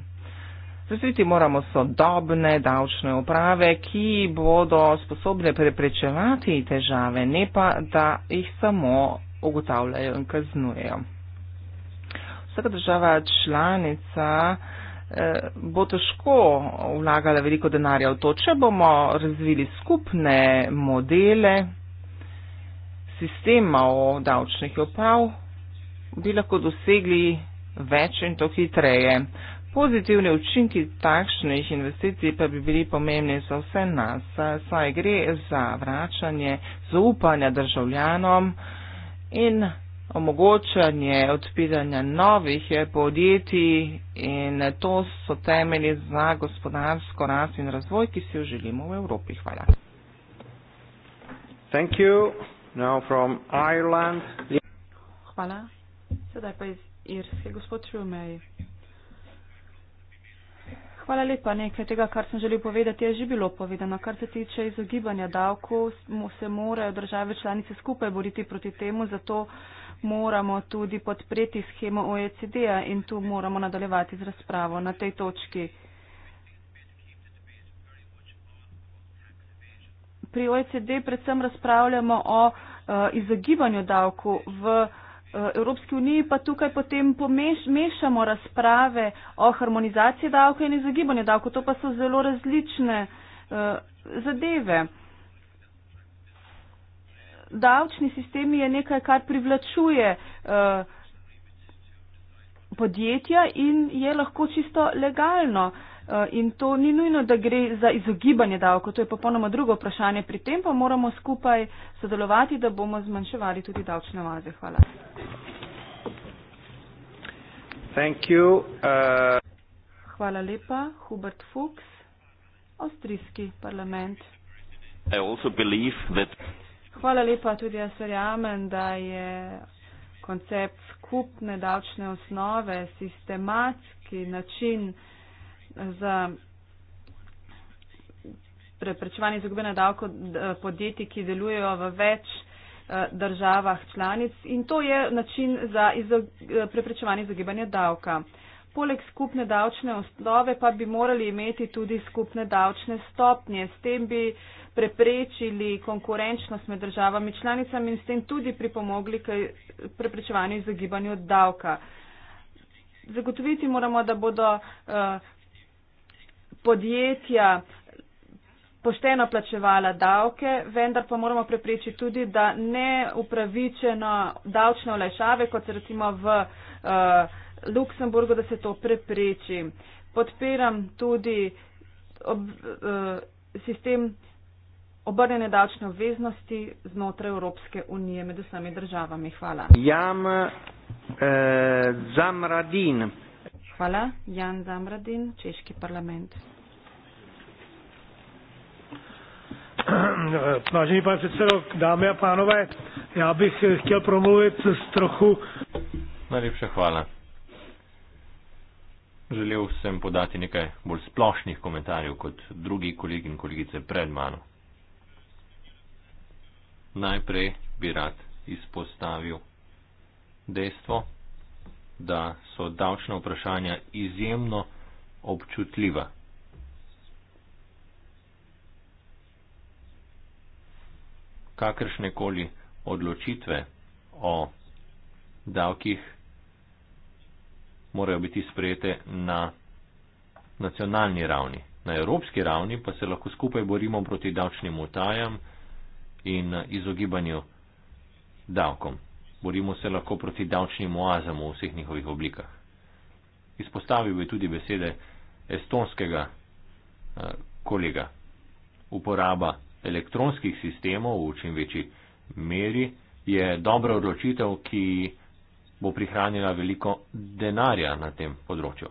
B: Razviti moramo sodobne davčne uprave, ki bodo sposobne preprečevati težave, ne pa da jih samo ugotavljajo in kaznujejo. Vsaka država članica Eh, bo težko vlagala veliko denarja v to, če bomo razvili skupne modele sistema o davčnih oprav, bi lahko dosegli več in to hitreje. Pozitivni učinki takšnih investicij pa bi bili pomembni za vse nas, saj gre za vračanje zaupanja državljanom in omogočanje odpiranja novih podjetij in to so temelji za gospodarsko rast in razvoj, ki si jo želimo v Evropi. Hvala.
A: Thank you. Now from Ireland.
C: Hvala. Sedaj pa iz Irske, gospod Trumej. Hvala lepa. Nekaj tega, kar sem želel povedati, je že bilo povedano. Kar se tiče izogibanja davkov, se morajo države članice skupaj boriti proti temu, zato moramo tudi podpreti schemo OECD-a in tu moramo nadaljevati z razpravo na tej točki. Pri OECD predvsem razpravljamo o eh, izogibanju davku v eh, Evropski uniji, pa tukaj potem pomešamo razprave o harmonizaciji davka in izogibanju davku. To pa so zelo različne eh, zadeve davčni sistem je nekaj, kar privlačuje eh, podjetja in je lahko čisto legalno. Eh, in to ni nujno, da gre za izogibanje davko, to je popolnoma drugo vprašanje. Pri tem pa moramo skupaj sodelovati, da bomo zmanjševali tudi davčne vaze. Hvala.
A: Uh...
C: Hvala lepa. Hubert Fuchs, avstrijski parlament.
A: I also believe that
C: Hvala lepa, tudi jaz verjamem, da je koncept skupne davčne osnove sistematski način za preprečevanje izgubljena davko podjetij, ki delujejo v več eh, državah članic in to je način za eh, preprečevanje izogibanja davka. Poleg skupne davčne osnove pa bi morali imeti tudi skupne davčne stopnje. S tem bi preprečili konkurenčnost med državami članicami in s tem tudi pripomogli k preprečevanju izogibanju davka. Zagotoviti moramo, da bodo eh, podjetja pošteno plačevala davke, vendar pa moramo preprečiti tudi, da neupravičeno davčne olajšave, kot recimo v uh, Luksemburgu, da se to prepreči. Podpiram tudi ob, uh, sistem obrnjene davčne obveznosti znotraj Evropske unije med vsemi državami. Hvala.
B: Jam, eh,
A: zamradin.
C: Hvala. Jan Zamradin, Češki parlament.
A: Vážený pane předsedo, dámy a pánové, já bych chtěl promluvit z trochu. Najlepša hvala. Želel sem podati nekaj bolj splošnih komentarjev kot drugi kolegi in kolegice pred mano. Najprej bi rad izpostavil dejstvo, da so davčna vprašanja izjemno občutljiva. Kakršne koli odločitve o davkih morajo biti sprejete na nacionalni ravni. Na evropski ravni pa se lahko skupaj borimo proti davčnim utajam in izogibanju davkom. Borimo se lahko proti davčnim oazam v vseh njihovih oblikah. Izpostavil bi tudi besede estonskega eh, kolega. Uporaba elektronskih sistemov v čim večji meri je dobra odločitev, ki bo prihranila veliko denarja na tem področju.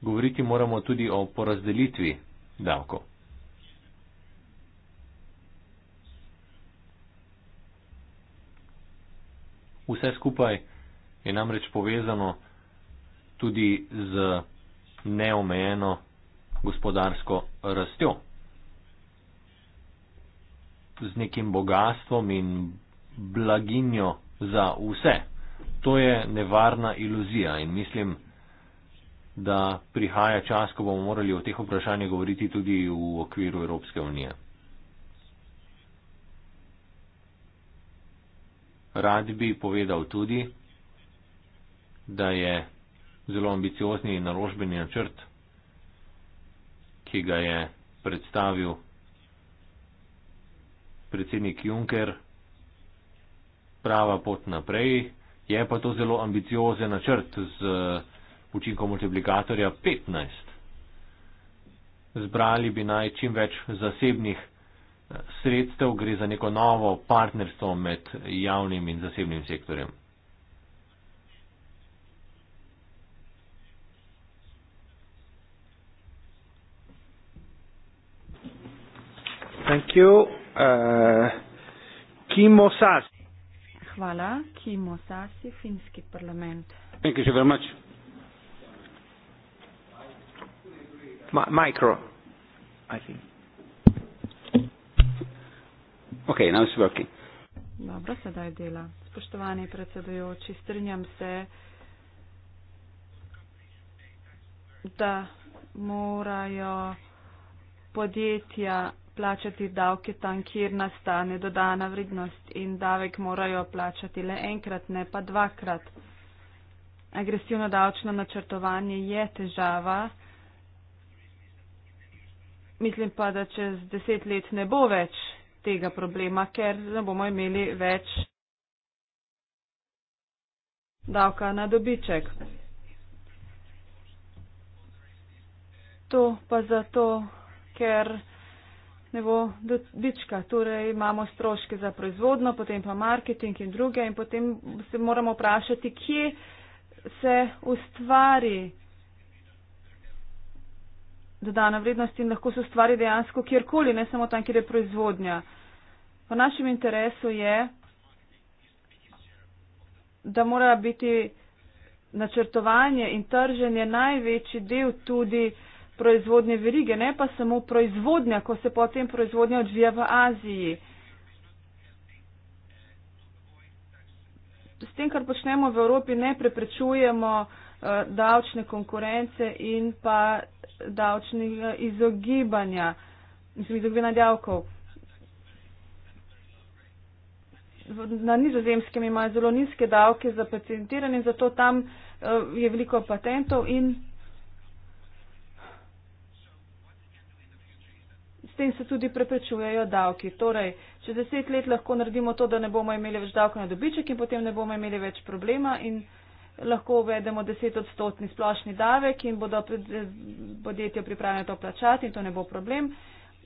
A: Govoriti moramo tudi o porazdelitvi davkov. Vse skupaj je namreč povezano tudi z neomejeno gospodarsko rastjo z nekim bogatstvom in blaginjo za vse. To je nevarna iluzija in mislim, da prihaja čas, ko bomo morali o teh vprašanjih govoriti tudi v okviru Evropske unije. Rad bi povedal tudi, da je zelo ambiciozni naložbeni načrt, ki ga je predstavil predsednik Juncker prava pot naprej. Je pa to zelo ambiciozen načrt z eh, učinkom multiplikatorja 15. Zbrali bi naj čim več zasebnih eh, sredstev, gre za neko novo partnerstvo med javnim in zasebnim sektorjem.
B: Thank you uh, Kimo Sasi.
C: Hvala, Kimo Sasi, finski parlament.
A: Thank you very much. Ma micro, I think. Okay, now it's working.
C: Dobro, sedaj dela. Spoštovani predsedujoči, strinjam se, da morajo podjetja plačati davke tam, kjer nastane dodana vrednost in davek morajo plačati le enkrat, ne pa dvakrat. Agresivno davčno načrtovanje je težava. Mislim pa, da čez deset let ne bo več tega problema, ker ne bomo imeli več davka na dobiček. To pa zato, ker ne bo dička. Torej imamo stroške za proizvodno, potem pa marketing in druge in potem se moramo vprašati, kje se ustvari dodana vrednost in lahko se ustvari dejansko kjerkoli, ne samo tam, kjer je proizvodnja. V našem interesu je, da mora biti načrtovanje in trženje največji del tudi proizvodne verige, ne pa samo proizvodnja, ko se potem proizvodnja odvija v Aziji. S tem, kar počnemo v Evropi, ne preprečujemo uh, davčne konkurence in pa davčnih izogibanja, mislim, izogibanja davkov. Na nizozemskem imajo zelo nizke davke za patentiranje, zato tam uh, je veliko patentov in tem se tudi preprečujejo davki. Torej, čez deset let lahko naredimo to, da ne bomo imeli več davka na dobiček in potem ne bomo imeli več problema in lahko uvedemo desetodstotni splošni davek in bodo podjetja pripravljena to plačati in to ne bo problem.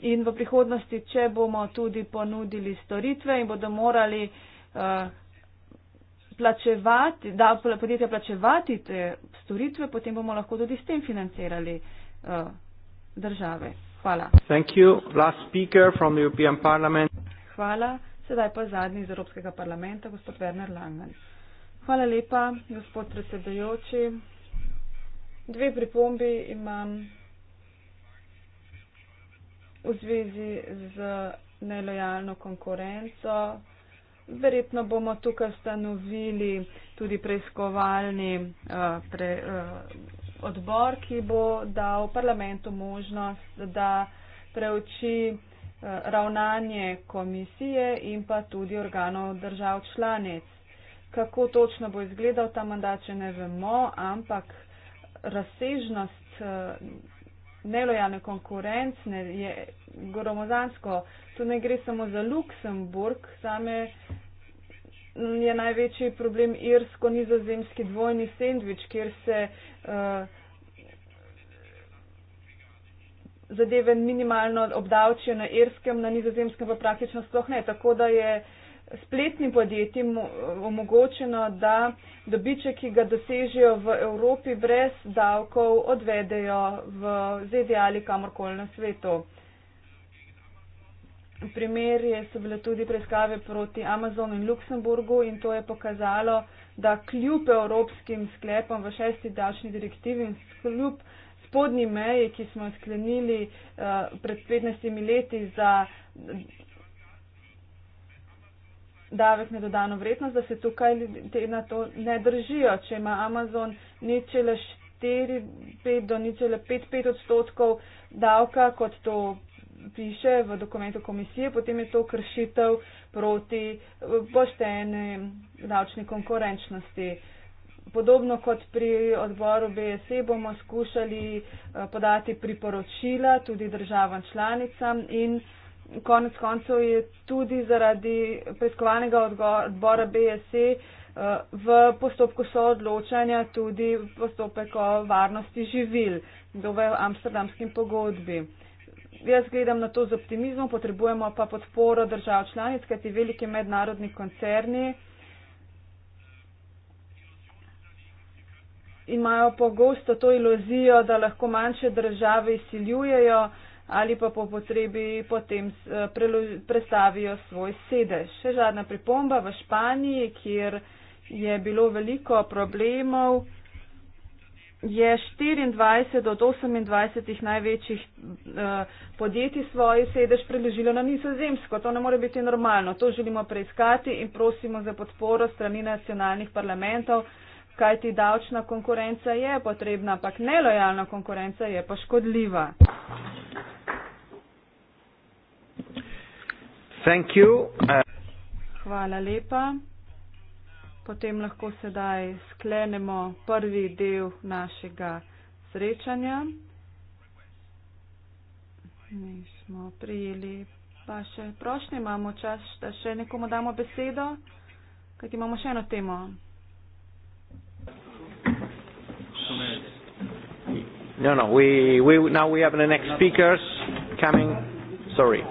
C: In v prihodnosti, če bomo tudi ponudili storitve in bodo morali uh, plačevati, da podjetja plačevati te storitve, potem bomo lahko tudi s tem financirali uh, države. Hvala.
A: Thank you. Last speaker from the European Parliament.
C: Hvala. Sedaj pa zadnji iz Evropskega parlamenta, gospod Werner Langen. Hvala lepa, gospod predsedujoči. Dve pripombi imam v zvezi z nelojalno konkurenco. Verjetno bomo tukaj ustanovili tudi preiskovalni uh, pre, uh, odbor, ki bo dal parlamentu možnost, da preuči eh, ravnanje komisije in pa tudi organov držav članic. Kako točno bo izgledal ta mandat, če ne vemo, ampak razsežnost eh, nelojalne konkurence je gromozansko. Tu ne gre samo za Luksemburg, same je največji problem irsko-nizozemski dvojni sendvič, kjer se uh, zadeve minimalno obdavčijo na irskem, na nizozemskem pa praktično sploh ne. Tako da je spletnim podjetjem omogočeno, da dobiček, ki ga dosežejo v Evropi brez davkov, odvedejo v ZDA ali kamorkoli na svetu. Primer je so bile tudi preiskave proti Amazonu in Luksemburgu in to je pokazalo, da kljub evropskim sklepom v šesti davčni direktivi in kljub spodnji meji, ki smo jo sklenili uh, pred 15 leti za davek na dodano vrednost, da se tukaj te na to ne držijo. Če ima Amazon ničele 4, 5 do ničele 5, 5 odstotkov davka, kot to piše v dokumentu komisije, potem je to kršitev proti eh, pošteni davčni konkurenčnosti. Podobno kot pri odboru BSE bomo skušali eh, podati priporočila tudi državam članicam in konec koncev je tudi zaradi preiskovalnega odbora BSE eh, v postopku soodločanja tudi postopek o varnosti živil, dove v amsterdamskem pogodbi jaz gledam na to z optimizmom, potrebujemo pa podporo držav članic, kajti veliki mednarodni koncerni imajo pogosto to iluzijo, da lahko manjše države izsiljujejo ali pa po potrebi potem predstavijo svoj sedež. Še žadna pripomba v Španiji, kjer je bilo veliko problemov je 24 od 28 največjih eh, podjetij svoj sedež preležilo na nizozemsko. To ne more biti normalno. To želimo preiskati in prosimo za podporo strani nacionalnih parlamentov, kajti davčna konkurenca je potrebna, ampak nelojalna konkurenca je pa škodljiva. Hvala lepa potem lahko sedaj sklenemo prvi del našega srečanja. Mi smo prijeli vaše prošnje, imamo čas, da še nekomu damo besedo, kajti imamo še eno temo.
A: No, no, we, we, now we have the next speakers coming. Sorry.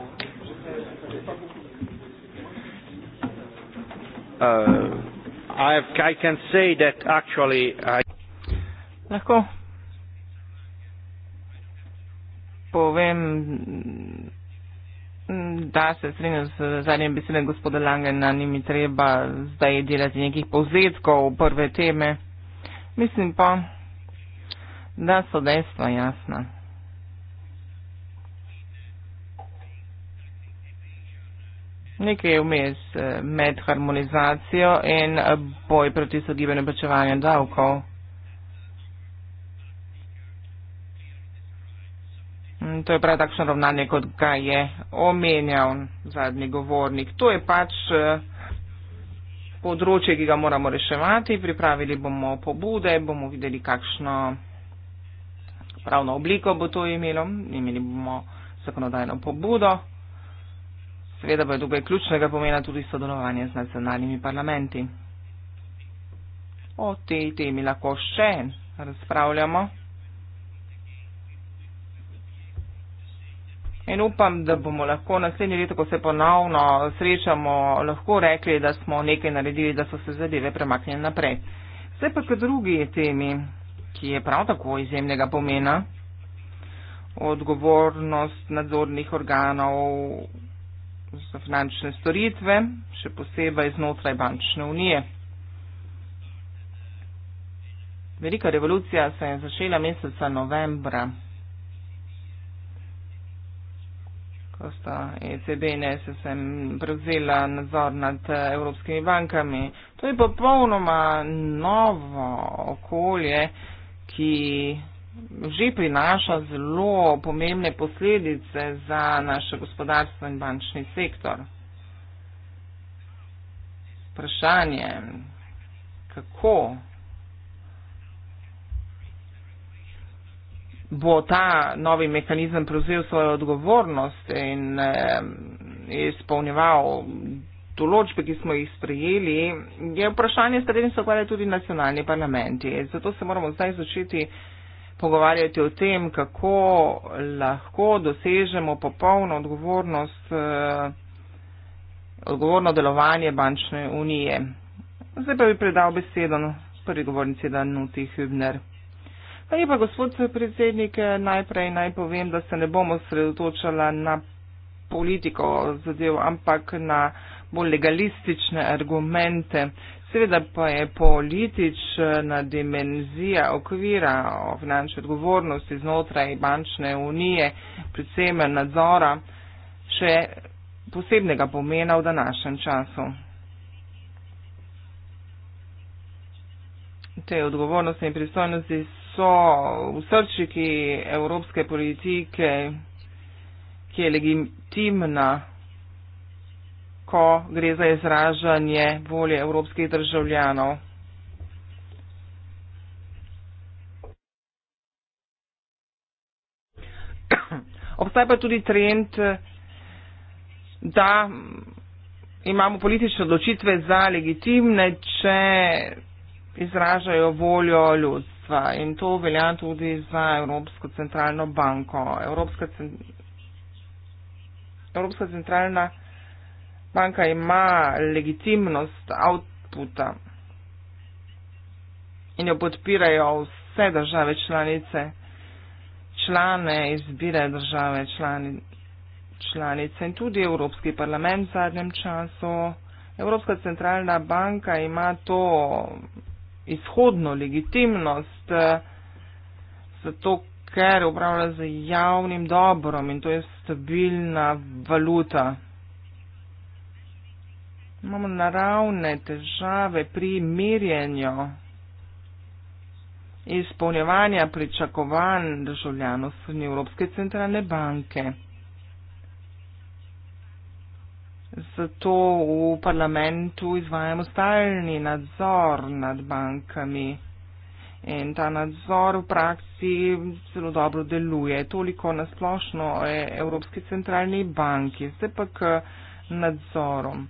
A: Uh, I, have, I can say that actually I lahko
B: povem, da se strinjam z zadnjim besedem gospoda Langena, ni mi treba zdaj delati nekih povzetkov prve teme. Mislim pa, da so dejstva jasna. nekaj vmes eh, med harmonizacijo in eh, boj proti sogibanju plačevanja davkov. Mm, to je prav takšno ravnanje, kot ga je omenjal zadnji govornik. To je pač eh, področje, ki ga moramo reševati. Pripravili bomo pobude, bomo videli, kakšno pravno obliko bo to imelo. Imeli bomo zakonodajno pobudo. Seveda pa je tukaj ključnega pomena tudi sodelovanje z nacionalnimi parlamenti. O tej temi lahko še razpravljamo. In upam, da bomo lahko naslednje leto, ko se ponovno srečamo, lahko rekli, da smo nekaj naredili, da so se zadeve premaknile naprej. Zdaj pa k drugi temi, ki je prav tako izjemnega pomena. Odgovornost nadzornih organov za finančne storitve, še posebej znotraj bančne unije. Velika revolucija se je začela meseca novembra, ko sta ECB in SSM prevzela nadzor nad evropskimi bankami. To je popolnoma novo okolje, ki že prinaša zelo pomembne posledice za naše gospodarstvo in bančni sektor. Vprašanje, kako bo ta novi mehanizem prevzel svojo odgovornost in eh, izpolnjeval določbe, ki smo jih sprejeli, je vprašanje, s katerim se ukvarjajo tudi nacionalni parlamenti. Zato se moramo zdaj začeti pogovarjati o tem, kako lahko dosežemo popolno odgovornost, eh, odgovorno delovanje bančne unije. Zdaj pa bi predal besedo prvi govornici Danuti Hübner. Pa je pa gospod predsednik, najprej naj povem, da se ne bomo sredotočala na politiko zadev, ampak na bolj legalistične argumente. Seveda pa je politična dimenzija okvira o finančni odgovornosti znotraj bančne unije, predvsem nadzora, še posebnega pomena v današnjem času. Te odgovornosti in pristojnosti so v srčiki evropske politike, ki je legitimna ko gre za izražanje volje evropskih državljanov. Obstaja pa tudi trend, da imamo politične odločitve za legitimne, če izražajo voljo ljudstva. In to velja tudi za Evropsko centralno banko. Evropska, cen... Evropska centralna banka banka ima legitimnost outputa in jo podpirajo vse države članice, člane izbire države člani, članice in tudi Evropski parlament v zadnjem času. Evropska centralna banka ima to izhodno legitimnost, eh, zato ker upravlja z javnim dobrom in to je stabilna valuta imamo naravne težave pri merjenju izpolnjevanja pričakovanj državljanov Srednje Evropske centralne banke. Zato v parlamentu izvajamo stalni nadzor nad bankami in ta nadzor v praksi zelo dobro deluje. Toliko nasplošno je Evropske centralne banke, zdaj pa k nadzorom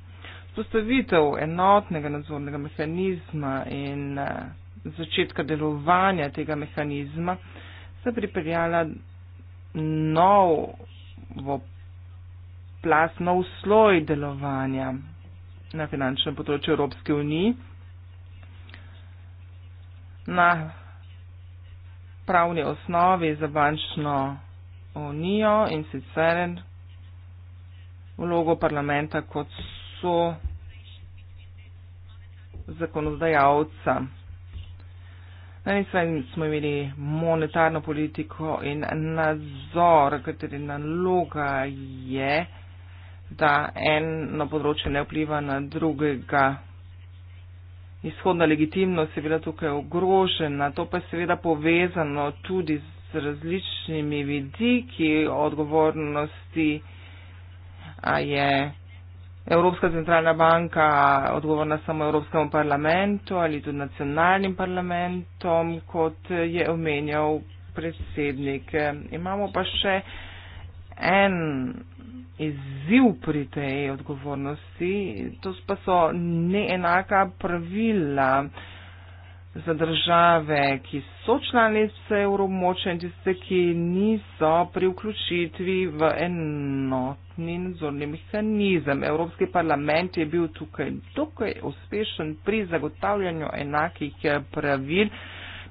B: vzpostavitev enotnega nadzornega mehanizma in eh, začetka delovanja tega mehanizma se pripeljala nov plas, nov sloj delovanja na finančnem področju Evropske unije, na pravni osnovi za bančno unijo in sicer vlogo parlamenta kot so zakonodajalca. Na eni strani smo imeli monetarno politiko in nadzor, kateri naloga je, da eno področje ne vpliva na drugega. Izhodna legitimnost je bila tukaj ogrožena, to pa je seveda povezano tudi z različnimi vidiki odgovornosti, a je Evropska centralna banka odgovorna samo Evropskemu parlamentu ali tudi nacionalnim parlamentom, kot je omenjal predsednik. Imamo pa še en izziv pri tej odgovornosti, to pa so neenaka pravila za države, ki so članice evromoče in tiste, ki niso pri vključitvi v enotni nadzorni mehanizem. Evropski parlament je bil tukaj dokaj uspešen pri zagotavljanju enakih pravil.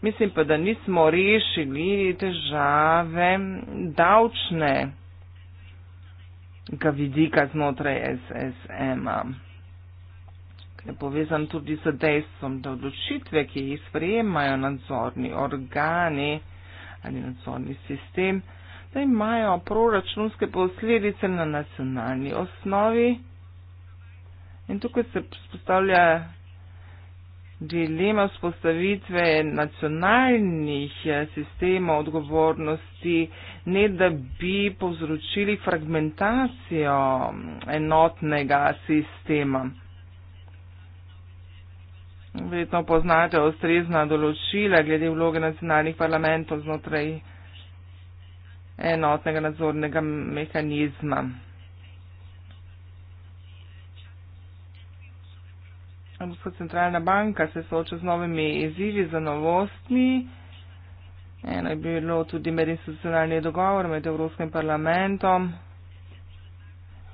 B: Mislim pa, da nismo rešili težave davčnega vidika znotraj SSM. -a je povezan tudi z dejstvom, da odločitve, ki jih sprejemajo nadzorni organi ali nadzorni sistem, da imajo proračunske posledice na nacionalni osnovi. In tukaj se postavlja dilema vzpostavitve nacionalnih eh, sistemov odgovornosti, ne da bi povzročili fragmentacijo mm, enotnega sistema verjetno poznate ustrezna določila glede vloge nacionalnih parlamentov znotraj enotnega nadzornega mehanizma. Evropska centralna banka se sooča z novimi izzivi za novostmi. Eno je bilo tudi medinstitucionalni dogovor med Evropskim parlamentom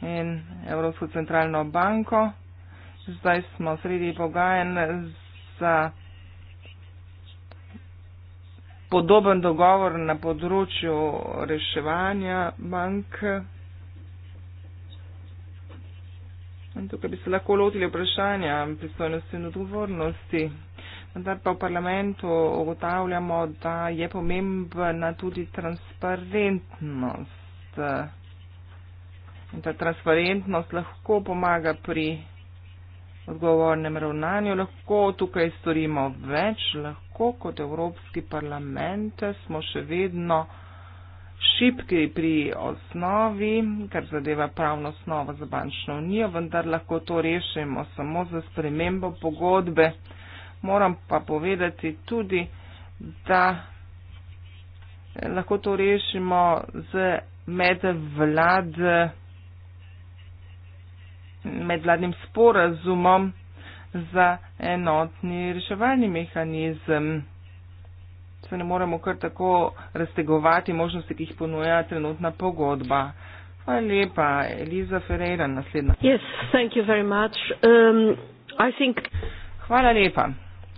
B: in Evropsko centralno banko zdaj smo sredi pogajen za podoben dogovor na področju reševanja bank. In tukaj bi se lahko lotili vprašanja pristojnosti in odgovornosti. Vendar pa v parlamentu ugotavljamo, da je pomembna tudi transparentnost. In ta transparentnost lahko pomaga pri odgovornem ravnanju. Lahko tukaj storimo več, lahko kot Evropski parlament smo še vedno šipki pri osnovi, kar zadeva pravno osnovo za bančno unijo, vendar lahko to rešimo samo za spremembo pogodbe. Moram pa povedati tudi, da eh, lahko to rešimo z medvlad medvladnim sporazumom za enotni reševalni mehanizem. Se ne moremo kar tako raztegovati možnosti, ki jih ponuja trenutna pogodba. Hvala lepa. Eliza Ferreira, naslednja. Yes, thank you very much. Um, I think... Hvala lepa.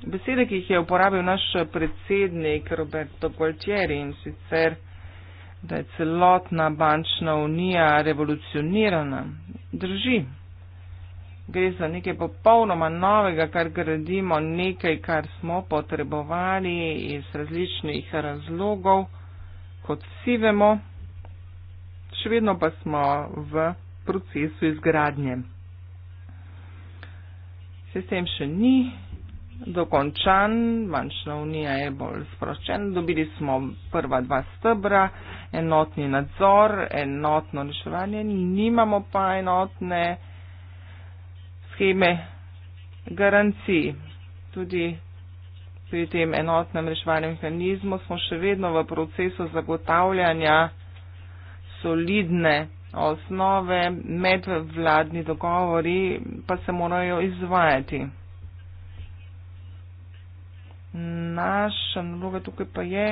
B: Besede, ki jih je uporabil naš predsednik Roberto Gualtieri in sicer, da je celotna bančna unija revolucionirana, drži gre za nekaj popolnoma novega, kar gradimo, nekaj, kar smo potrebovali iz različnih razlogov, kot vsi vemo, še vedno pa smo v procesu izgradnje. Sistem še ni dokončan, bančna unija je bolj sproščena. Dobili smo prva dva stebra, enotni nadzor, enotno reševanje, nimamo pa enotne sheme garancij. Tudi pri tem enotnem reševalnem mehanizmu smo še vedno v procesu zagotavljanja solidne osnove, medvladni dogovori pa se morajo izvajati. Naša naloga tukaj pa je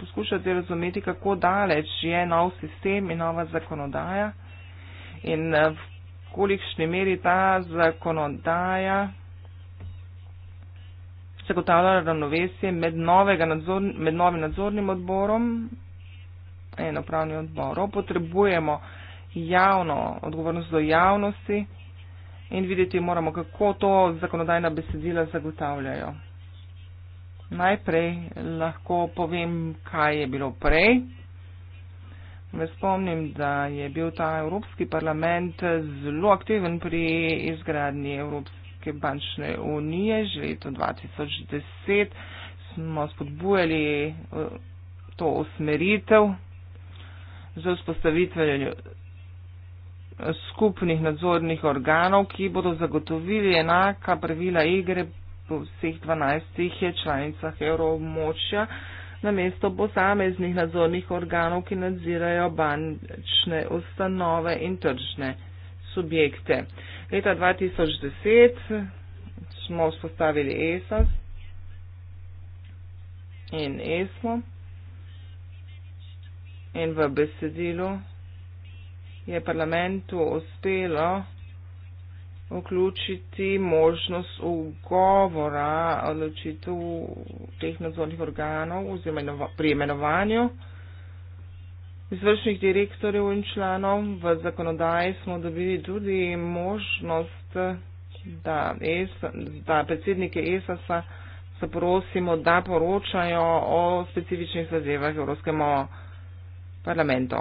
B: poskušati razumeti, kako daleč je nov sistem in nova zakonodaja in v kolikšni meri ta zakonodaja zagotavlja ravnovesje med, nadzor, med novim nadzornim odborom in upravnim odborom. Potrebujemo javno odgovornost do javnosti in videti moramo, kako to zakonodajna besedila zagotavljajo. Najprej lahko povem, kaj je bilo prej. Me spomnim, da je bil ta Evropski parlament zelo aktiven pri izgradnji Evropske bančne unije. Že leto 2010 smo spodbujali eh, to usmeritev za vzpostavitvijo skupnih nadzornih organov, ki bodo zagotovili enaka pravila igre po vseh 12 članicah evroobmočja namesto posameznih nadzornih organov, ki nadzirajo bančne ustanove in tržne subjekte. Leta 2010 smo vzpostavili ESAS in ESMO in v besedilu je parlamentu uspelo vključiti možnost ugovora odločitev teh nadzornih organov oziroma pri imenovanju izvršnih direktorjev in članov. V zakonodaji smo dobili tudi možnost, da, es, da predsednike ESAS-a zaprosimo, da poročajo o specifičnih zadevah Evropskemu parlamentu.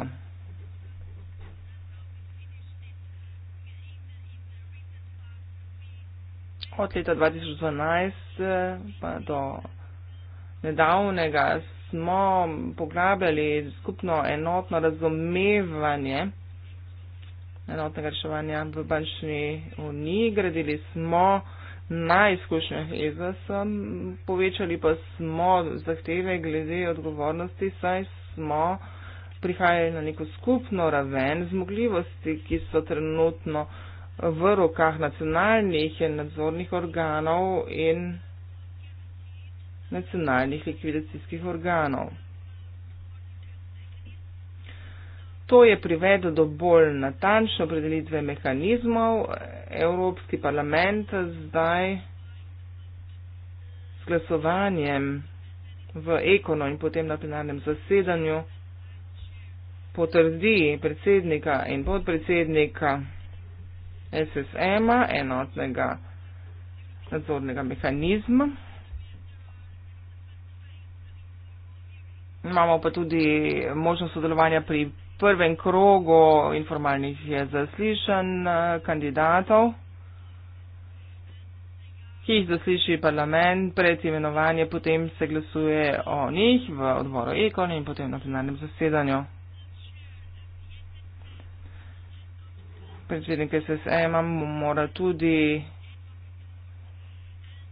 B: od leta 2012 eh, pa do nedavnega smo poglabljali skupno enotno razumevanje enotnega reševanja v bančni uniji. Gradili smo na izkušnjah EZS, povečali pa smo zahteve glede odgovornosti, saj smo prihajali na neko skupno raven zmogljivosti, ki so trenutno v rokah nacionalnih in nadzornih organov in nacionalnih likvidacijskih organov. To je privedlo do bolj natančne opredelitve mehanizmov. Evropski parlament zdaj s glasovanjem v ekono in potem na plenarnem zasedanju potrdi predsednika in podpredsednika. SSM-a, enotnega nadzornega mehanizma. Imamo pa tudi možnost sodelovanja pri prvem krogu informalnih zaslišanj eh, kandidatov, ki jih zasliši parlament, pred imenovanje potem se glasuje o njih v odboru ECON in potem na plenarnem zasedanju. pač vidim, ker se s EMA mora tudi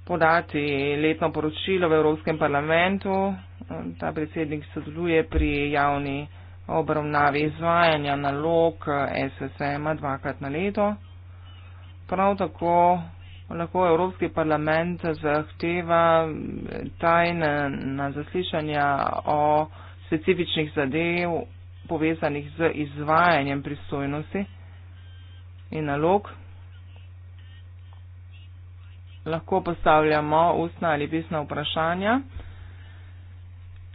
B: podati letno poročilo v Evropskem parlamentu. Ta predsednik sodeluje pri javni obravnavi izvajanja nalog SSM-a dvakrat na leto. Prav tako lahko Evropski parlament zahteva tajne na zaslišanja o specifičnih zadev povezanih z izvajanjem pristojnosti in nalog. Lahko postavljamo ustna ali pisna vprašanja.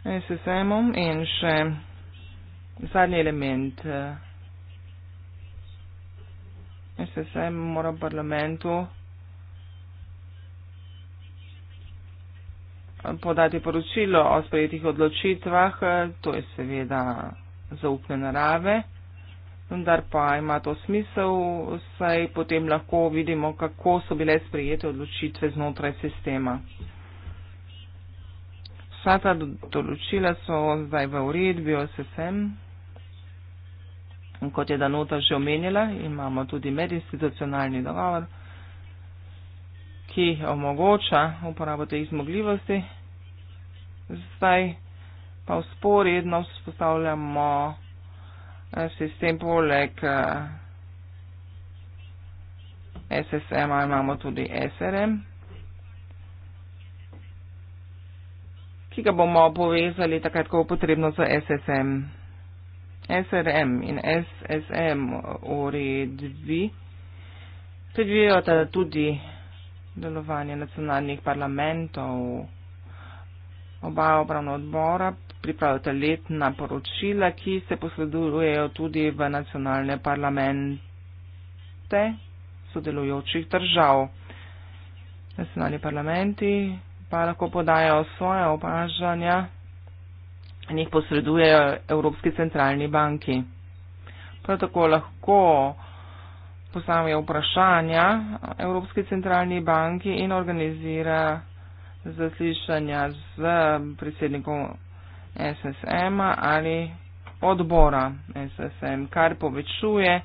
B: In se sejmo in še zadnji element. In eh, se sejmo mora v parlamentu podati poročilo o sprejetih odločitvah. Eh, to je seveda zaupne narave vendar pa ima to smisel, saj potem lahko vidimo, kako so bile sprejete odločitve znotraj sistema. Vsa ta določila so zdaj v uredbi OSSM. Kot je Danota že omenila, imamo tudi medinstitucionalni dogovor, ki omogoča uporabo teh zmogljivosti. Zdaj pa usporedno vzpostavljamo si s tem poleg SSM-a imamo tudi SRM, ki ga bomo povezali takrat, ko bo potrebno za SSM. SRM in SSM uredbi predvijajo tudi delovanje nacionalnih parlamentov, oba obravna odbora pripravljata letna poročila, ki se posredujejo tudi v nacionalne parlamente sodelujočih držav. Nacionalni parlamenti pa lahko podajo svoje opažanja in jih posredujejo Evropski centralni banki. Prav tako lahko postavijo vprašanja Evropski centralni banki in organizira zaslišanja z predsednikom SSM-a ali odbora SSM, kar povečuje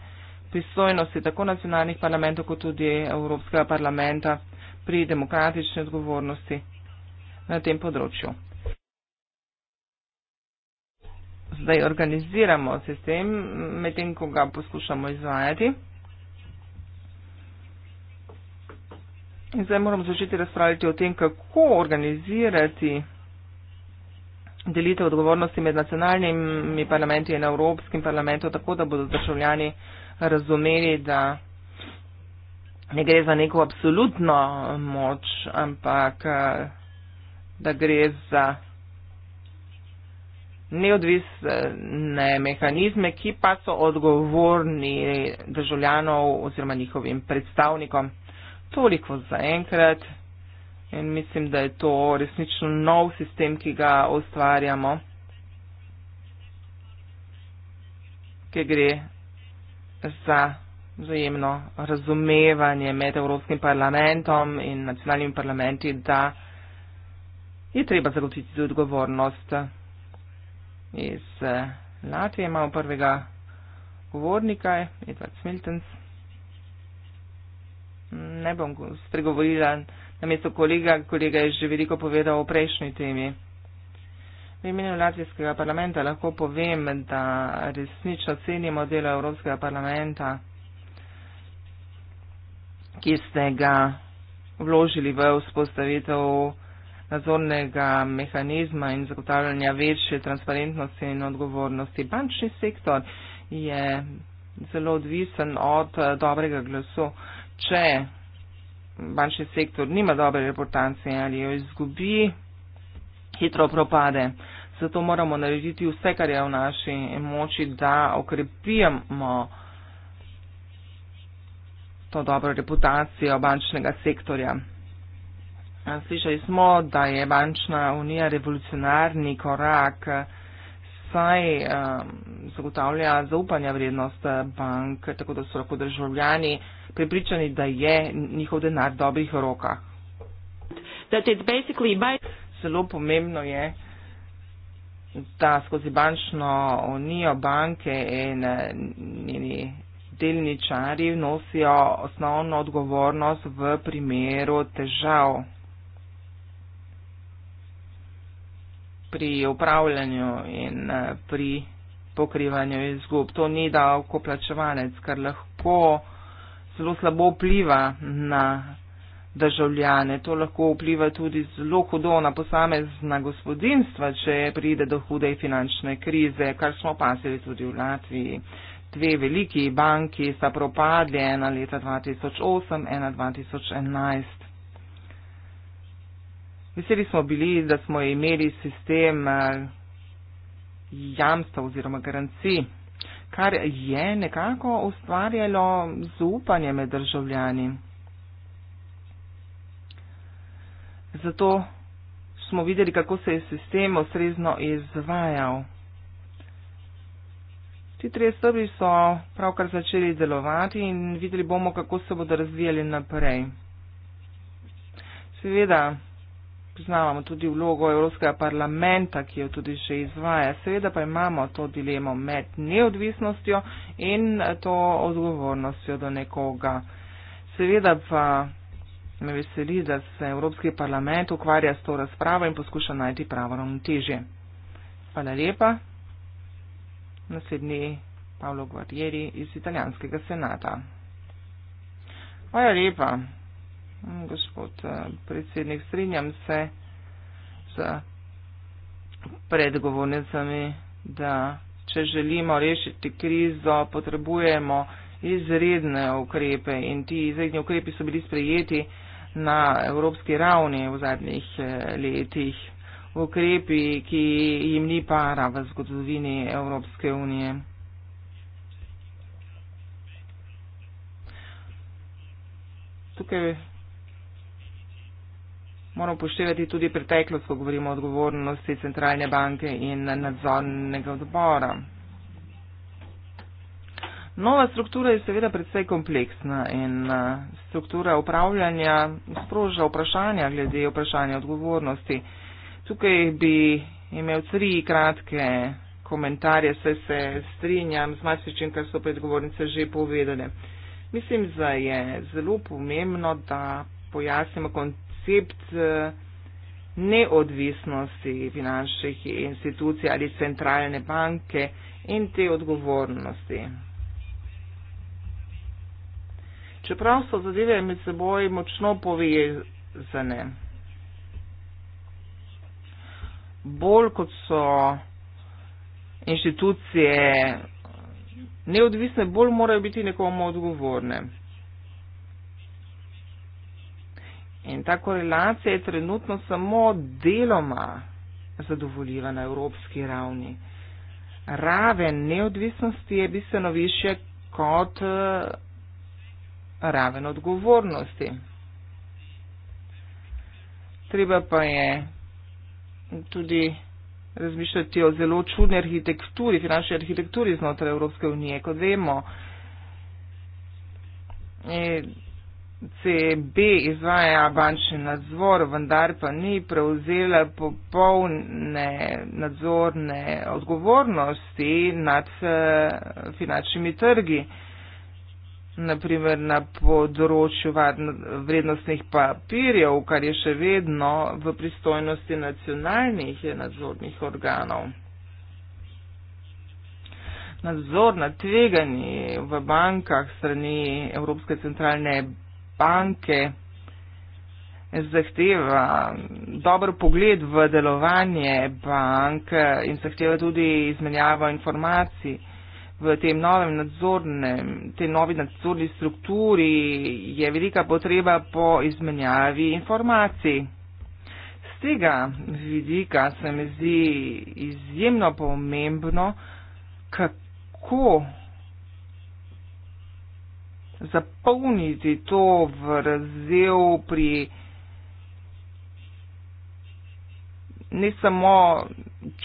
B: pristojnosti tako nacionalnih parlamentov kot tudi Evropskega parlamenta pri demokratični odgovornosti na tem področju. Zdaj organiziramo sistem, medtem ko ga poskušamo izvajati. In zdaj moramo začeti razpravljati o tem, kako organizirati delitev odgovornosti med nacionalnimi parlamenti in Evropskim parlamentom, tako da bodo državljani razumeli, da ne gre za neko absolutno moč, ampak eh, da gre za neodvisne mehanizme, ki pa so odgovorni državljanov oziroma njihovim predstavnikom. Toliko za enkrat. In mislim, da je to resnično nov sistem, ki ga ustvarjamo, ki gre za vzajemno razumevanje med Evropskim parlamentom in nacionalnimi parlamenti, da je treba zagotoviti tudi odgovornost. Iz eh, Latvije imamo prvega govornika, Edward Smiltons. Ne bom spregovorila na mesto kolega, kolega je že veliko povedal o prejšnji temi. V imenu Latvijskega parlamenta lahko povem, da resnično cenimo delo Evropskega parlamenta, ki ste ga vložili v vzpostavitev nadzornega mehanizma in zagotavljanja večje transparentnosti in odgovornosti. Bančni sektor je zelo odvisen od dobrega glasu. Če bančni sektor nima dobre reputacije ali jo izgubi, hitro propade. Zato moramo narediti vse, kar je v naši moči, da okrepimo to dobro reputacijo bančnega sektorja. Slišali smo, da je bančna unija revolucionarni korak, saj um, zagotavlja zaupanja vrednost bank, tako da so lahko državljani prepričani, da je njihov denar v dobrih rokah. By... Zelo pomembno je, da skozi bančno unijo banke in eh, njeni delničari nosijo osnovno odgovornost v primeru težav. pri upravljanju in eh, pri pokrivanju izgub. To ni davkoplačevanec, kar lahko uh, zelo slabo vpliva na državljane. To lahko vpliva tudi zelo hudo na posamezna gospodinstva, če pride do hude finančne krize, kar smo opazili tudi v Latviji. Dve veliki banki sta propadli, ena leta 2008, ena 2011. Veseli smo bili, da smo imeli sistem eh, jamstva oziroma garancij kar je nekako ustvarjalo zaupanje med državljani. Zato smo videli, kako se je sistem osrezno izvajal. Ti trije stebri so pravkar začeli delovati in videli bomo, kako se bodo razvijali naprej. Seveda, spoznavamo tudi vlogo Evropskega parlamenta, ki jo tudi že izvaja. Seveda pa imamo to dilemo med neodvisnostjo in to odgovornostjo do nekoga. Seveda pa me veseli, da se Evropski parlament ukvarja s to razpravo in poskuša najti pravo ravnotežje. Hvala lepa. Naslednji Paolo Guarieri iz italijanskega senata. Hvala lepa gospod eh, predsednik, strinjam se z predgovornicami, da če želimo rešiti krizo, potrebujemo izredne ukrepe in ti izredni ukrepi so bili sprejeti na evropski ravni v zadnjih eh, letih. Ukrepi, ki jim ni para v zgodovini Evropske unije. Tukaj moramo poštevati tudi preteklost, ko govorimo o odgovornosti centralne banke in nadzornega odbora. Nova struktura je seveda predvsej kompleksna in eh, struktura upravljanja sproža vprašanja glede vprašanja odgovornosti. Tukaj bi imel tri kratke komentarje, saj se strinjam z marsičim, kar so predgovornice že povedale. Mislim, da je zelo pomembno, da pojasnimo kontekst koncept eh, neodvisnosti finančnih institucij ali centralne banke in te odgovornosti. Čeprav so zadeve med seboj močno povezane, bolj kot so inštitucije neodvisne, bolj morajo biti nekomu odgovorne. In ta korelacija je trenutno samo deloma zadovoljiva na evropski ravni. Raven neodvisnosti je bistveno više kot eh, raven odgovornosti. Treba pa je tudi razmišljati o zelo čudni arhitekturi, finančni arhitekturi znotraj Evropske unije, kot vemo. E, CB izvaja bančni nadzor, vendar pa ni prevzela popolne nadzorne odgovornosti nad eh, finančnimi trgi, naprimer na področju vrednostnih papirjev, kar je še vedno v pristojnosti nacionalnih nadzornih organov. Nadzor nad tveganji v bankah strani Evropske centralne banke banke zahteva dober pogled v delovanje bank in zahteva tudi izmenjavo informacij. V tem novem nadzornem, tem novi nadzorni strukturi je velika potreba po izmenjavi informacij. Z tega vidika se mi zdi izjemno pomembno, kako zapolniti to vrzel pri ne samo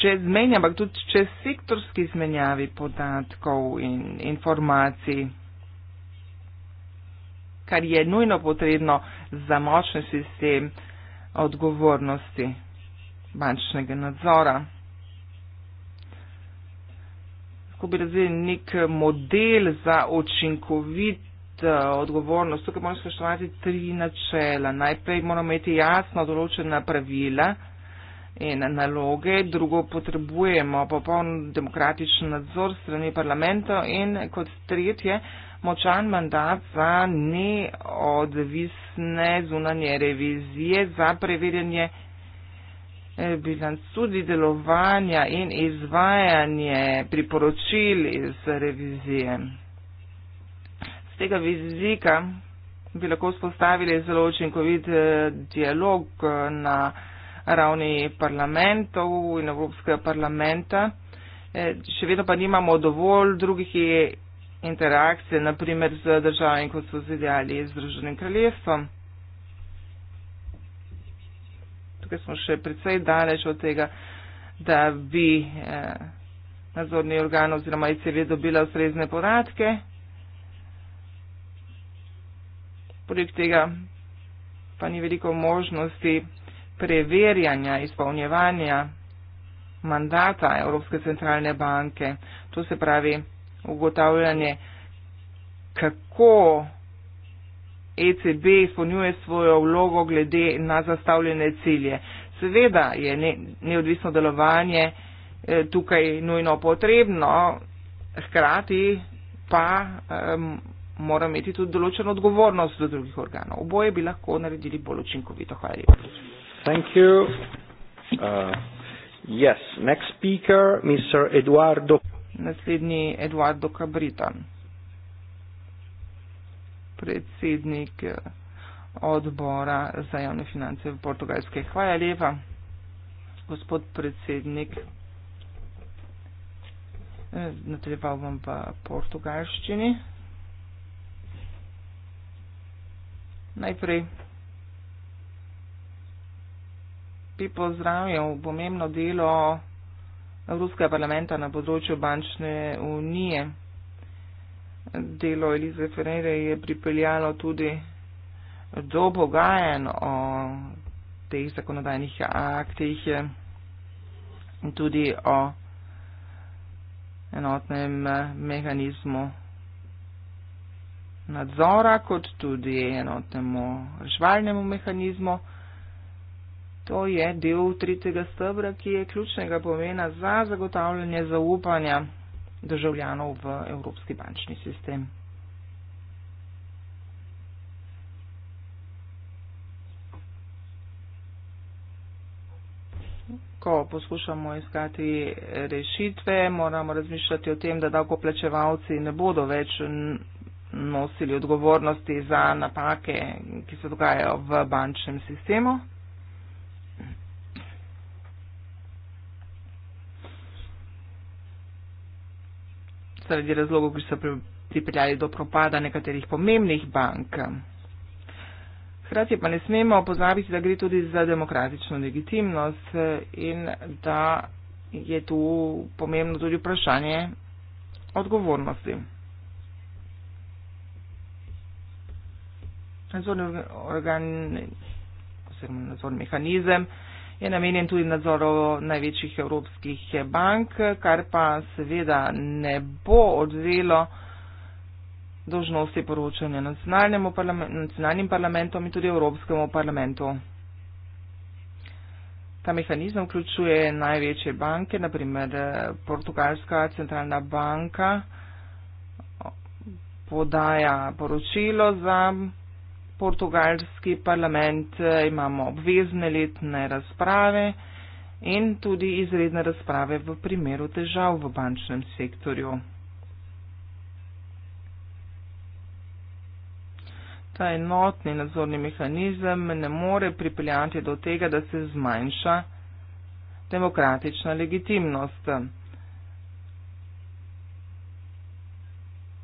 B: čezmenja, ampak tudi čez sektorski izmenjavi podatkov in informacij, kar je nujno potrebno za močen sistem odgovornosti bančnega nadzora. Tako bi razvili nek model za učinkovit imeti eh, odgovornost. Tukaj moramo spoštovati tri načela. Najprej moramo imeti jasno določena pravila in naloge, drugo potrebujemo popoln demokratičen nadzor strani parlamenta in kot tretje močan mandat za neodvisne zunanje revizije za preverjanje eh, bilanc tudi delovanja in izvajanje priporočil iz revizije. Z tega vizika bi lahko spostavili zelo učinkovit eh, dialog eh, na ravni parlamentov in Evropskega parlamenta. Eh, še vedno pa nimamo dovolj drugih interakcij, naprimer z državami, kot so zidjali z Združenim kraljestvom. Tukaj smo še predvsej daleč od tega, da bi eh, nadzorni organ oziroma ICV dobila ustrezne podatke. poleg tega pa ni veliko možnosti preverjanja izpolnjevanja mandata Evropske centralne banke. To se pravi ugotavljanje, kako ECB izpolnjuje svojo vlogo glede na zastavljene cilje. Seveda je neodvisno delovanje eh, tukaj nujno potrebno, hkrati pa mora imeti tudi določeno odgovornost do drugih organov. Oboje bi lahko naredili bolj učinkovito. Hvala lepa.
A: Thank you. Uh, yes, next speaker, Mr.
B: Eduardo. Naslednji Eduardo Cabritan, predsednik eh, odbora za javne finance v Portugalske. Hvala lepa, gospod predsednik. Eh, nadaljeval bom pa portugalščini. najprej bi pozdravil pomembno delo Evropskega parlamenta na področju bančne unije. Delo Elize Ferreira je pripeljalo tudi do pogajanj o teh zakonodajnih aktih in tudi o enotnem mehanizmu nadzora, kot tudi enotnemu reševalnemu mehanizmu. To je del tretjega stebra, ki je ključnega pomena za zagotavljanje zaupanja državljanov v Evropski bančni sistem. Ko poskušamo iskati rešitve, moramo razmišljati o tem, da davkoplačevalci ne bodo več nosili odgovornosti za napake, ki se dogajajo v bančnem sistemu. Sredi razlogov, ki so pripeljali do propada nekaterih pomembnih bank. Hrati pa ne smemo pozabiti, da gre tudi za demokratično legitimnost in da je tu pomembno tudi vprašanje odgovornosti. so en organ oziroma nadzorni mehanizem je namenjen tudi nadzoru največjih evropskih bank, kar pa seveda ne bo odvelo dožnosti poročanja nacionalnemu parlamentu, nacionalnim parlamentom in tudi Evropskemu parlamentu. Ta mehanizem vključuje največje banke, naprimer eh, Portugalska centralna banka podaja poročilo za portugalski parlament eh, imamo obvezne letne razprave in tudi izredne razprave v primeru težav v bančnem sektorju. Ta enotni nadzorni mehanizem ne more pripeljati do tega, da se zmanjša demokratična legitimnost.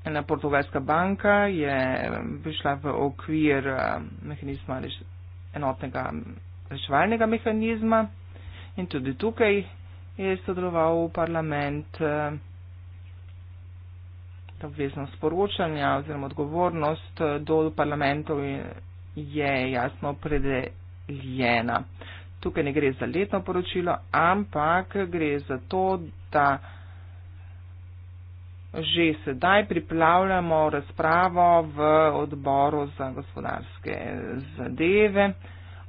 B: ena portugalska banka je um, prišla v okvir um, mehanizma reš, enotnega um, reševalnega mehanizma in tudi tukaj je sodeloval parlament obveznost sporočanja oziroma odgovornost uh, do parlamentov je jasno predeljena. Tukaj ne gre za letno poročilo, ampak gre za to, da že sedaj pripravljamo razpravo v odboru za gospodarske zadeve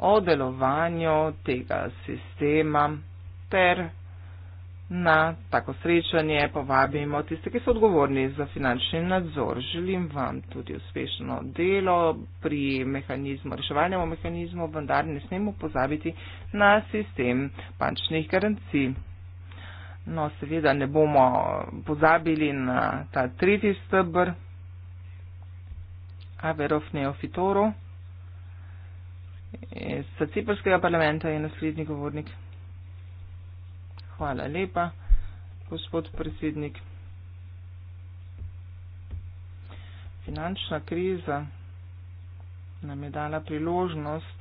B: o delovanju tega sistema ter na tako srečanje povabimo tiste, ki so odgovorni za finančni nadzor. Želim vam tudi uspešno delo pri mehanizmu, reševalnemu mehanizmu, vendar ne smemo pozabiti na sistem bančnih garancij. No, seveda ne bomo pozabili na ta tretji stebr, Averofneo Fitoro. Z ciprskega parlamenta je naslednji govornik. Hvala lepa, gospod predsednik. Finančna kriza nam je dala priložnost,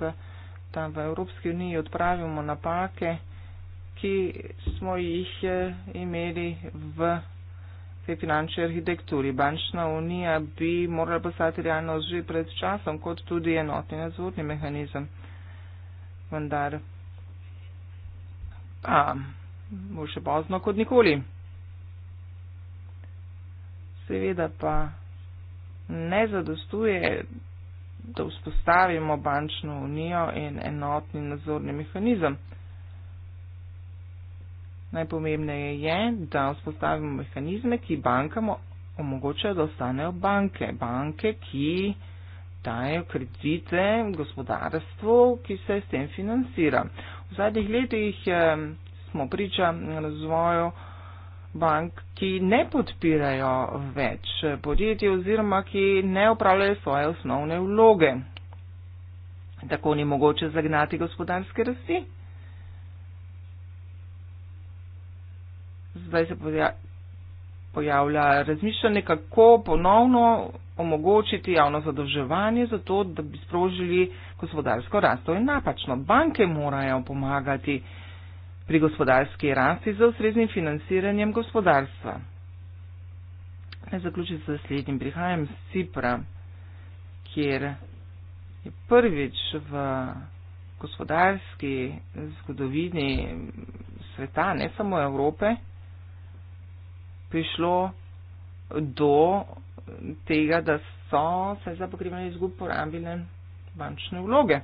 B: da v Evropski uniji odpravimo napake ki smo jih eh, imeli v tej finančni arhitekturi. Bančna unija bi morala postati realno že pred časom, kot tudi enotni nadzorni mehanizem. Vendar pa bo še pozno kot nikoli. Seveda pa ne zadostuje, da vzpostavimo bančno unijo in enotni nadzorni mehanizem. Najpomembneje je, da vzpostavimo mehanizme, ki bankam omogočajo, da ostanejo banke. Banke, ki dajo kredite gospodarstvu, ki se s tem financira. V zadnjih letih eh, smo priča razvoju bank, ki ne podpirajo več podjetij oziroma ki ne upravljajo svoje osnovne vloge. Tako ni mogoče zagnati gospodarske rasti, zdaj se pojavlja razmišljanje, kako ponovno omogočiti javno zadolževanje, zato da bi sprožili gospodarsko rast. To je napačno. Banke morajo pomagati pri gospodarski rasti za ustreznim financiranjem gospodarstva. Naj zaključim s naslednjim. Prihajam z Cipra, kjer je prvič v gospodarski zgodovini sveta, ne samo Evrope, prišlo do tega, da so se za pokrivanje izgub porabile bančne vloge.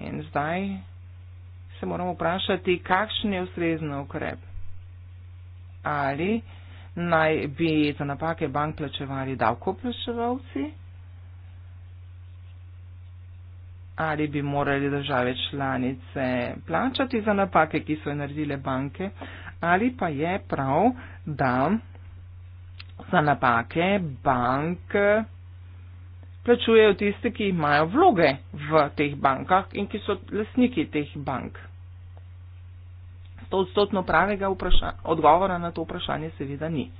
B: In zdaj se moramo vprašati, kakšen je ustrezen ukrep. Ali naj bi za napake bank plačevali davkoplačevalci, ali bi morali države članice plačati za napake, ki so jih naredile banke, ali pa je prav, da za napake bank plačujejo tiste, ki imajo vloge v teh bankah in ki so lasniki teh bank. Sto odstotno pravega odgovora na to vprašanje seveda ni.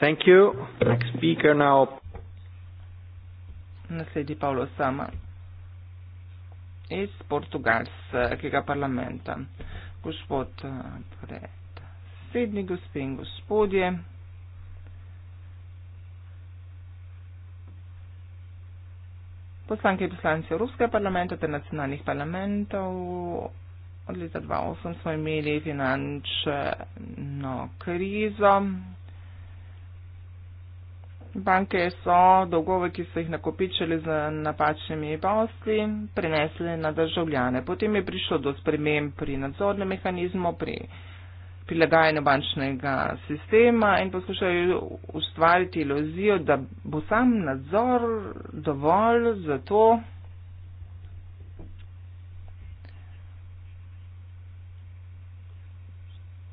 B: Thank you. Next speaker now. Nasledi Paulo Sama iz portugalskega parlamenta. Gospod, eh, torej naslednji gospe in gospodje. Poslanke in poslanci Evropskega parlamenta ter nacionalnih parlamentov od leta 2008 smo imeli finančno krizo. Banke so dolgove, ki so jih nakopičili z napačnimi posli, prenesli na državljane. Potem je prišlo do sprememb pri nadzornem mehanizmu, pri prilagajanju bančnega sistema in poskušajo ustvariti iluzijo, da bo sam nadzor dovolj za to,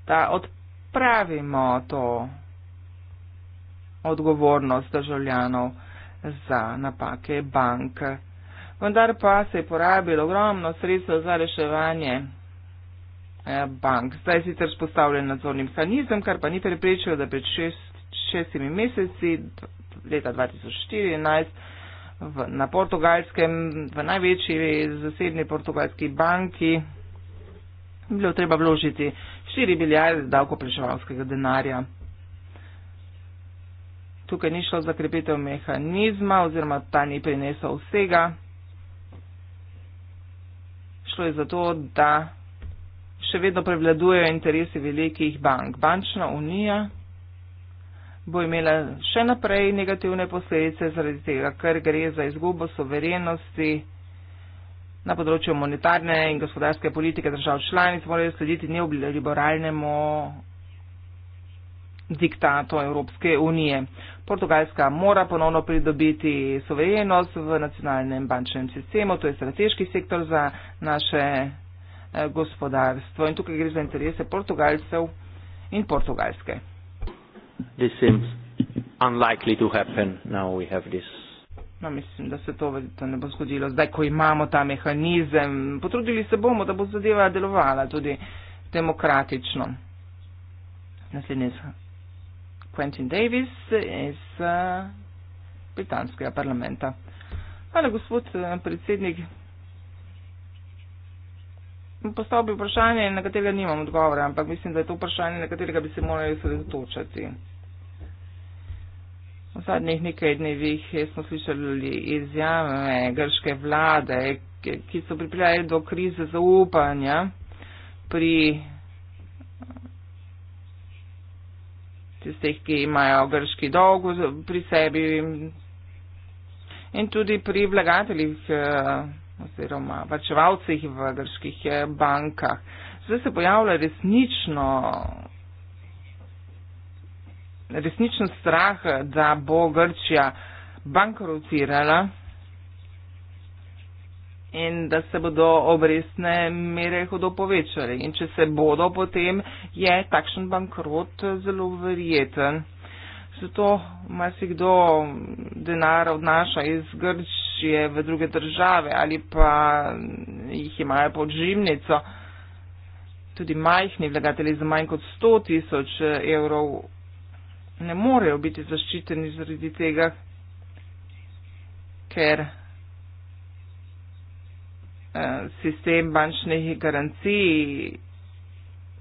B: da odpravimo to odgovornost državljanov za napake bank. Vendar pa se je porabilo ogromno sredstev za reševanje Eh, bank. Zdaj je sicer spostavljen nadzorni mehanizem, kar pa ni preprečilo, da pred šest, šestimi meseci leta 2014 v, na portugalskem, v največji zasebni portugalski banki, bilo treba vložiti 4 milijarde davkoplačevalskega denarja. Tukaj ni šlo za krepitev mehanizma oziroma ta ni prinesel vsega. Šlo je za to, da še vedno prevladujejo interesi velikih bank. Bančna unija bo imela še naprej negativne posledice zaradi tega, ker gre za izgubo soverenosti na področju monetarne in gospodarske politike držav članic, morajo slediti neoliberalnemu diktato Evropske unije. Portugalska mora ponovno pridobiti soverenost v nacionalnem bančnem sistemu, to je strateški sektor za naše Eh, gospodarstvo. In tukaj gre za interese portugalcev in portugalske. No, mislim, da se to, to ne bo zgodilo. Zdaj, ko imamo ta mehanizem, potrudili se bomo, da bo zadeva delovala tudi demokratično. Naslednji je Quentin Davis iz uh, britanskega parlamenta. Hvala, gospod eh, predsednik postavil bi vprašanje, na katerega nimam odgovora, ampak mislim, da je to vprašanje, na katerega bi se morali sredotočati. V zadnjih nekaj dnevih smo slišali izjave grške vlade, ki so pripeljali do krize zaupanja pri tistih, ki imajo grški dolg pri sebi in tudi pri vlagateljih. Eh, oziroma vrčevalcih v grških eh, bankah. Zdaj se pojavlja resnično, resnično strah, da bo Grčija bankrotirala in da se bodo obrestne mere hudo povečale. In če se bodo, potem je takšen bankrot eh, zelo verjeten. Zato marsikdo denar odnaša iz Grčije pošljejo v druge države ali pa jih imajo pod žimnico. Tudi majhni vlagatelji za manj kot 100 tisoč evrov ne morejo biti zaščiteni zaradi tega, ker eh, sistem bančnih garancij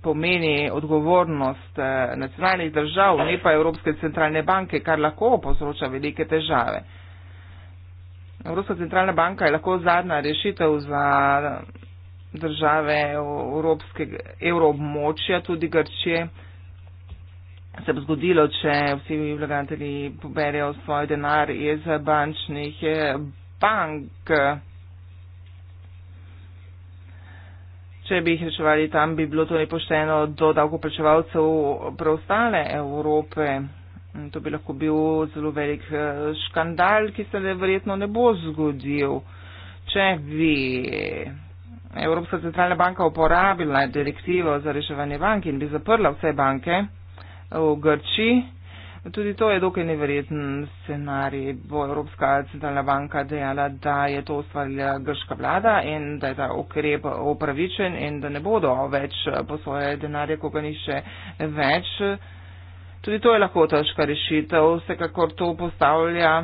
B: pomeni odgovornost eh, nacionalnih držav, ne pa Evropske centralne banke, kar lahko povzroča velike težave. Evropska centralna banka je lahko zadnja rešitev za države evroobmočja, tudi Grčije. Se bo zgodilo, če vsi vlagatelji poberejo svoj denar iz bančnih bank. Če bi jih reševali tam, bi bilo to nepošteno do davkoplačevalcev preostale Evrope. To bi lahko bil zelo velik eh, škandal, ki se verjetno ne bo zgodil, če bi Evropska centralna banka uporabila direktivo za reševanje bank in bi zaprla vse banke eh, v Grčiji. Tudi to je dokaj neverjeten scenarij. Bo Evropska centralna banka dejala, da je to ustvarila grška vlada in da je ta ukrep upravičen in da ne bodo več po svoje denarje, ko ga ni še več. Tudi to je lahko težka rešitev, vsekakor to postavlja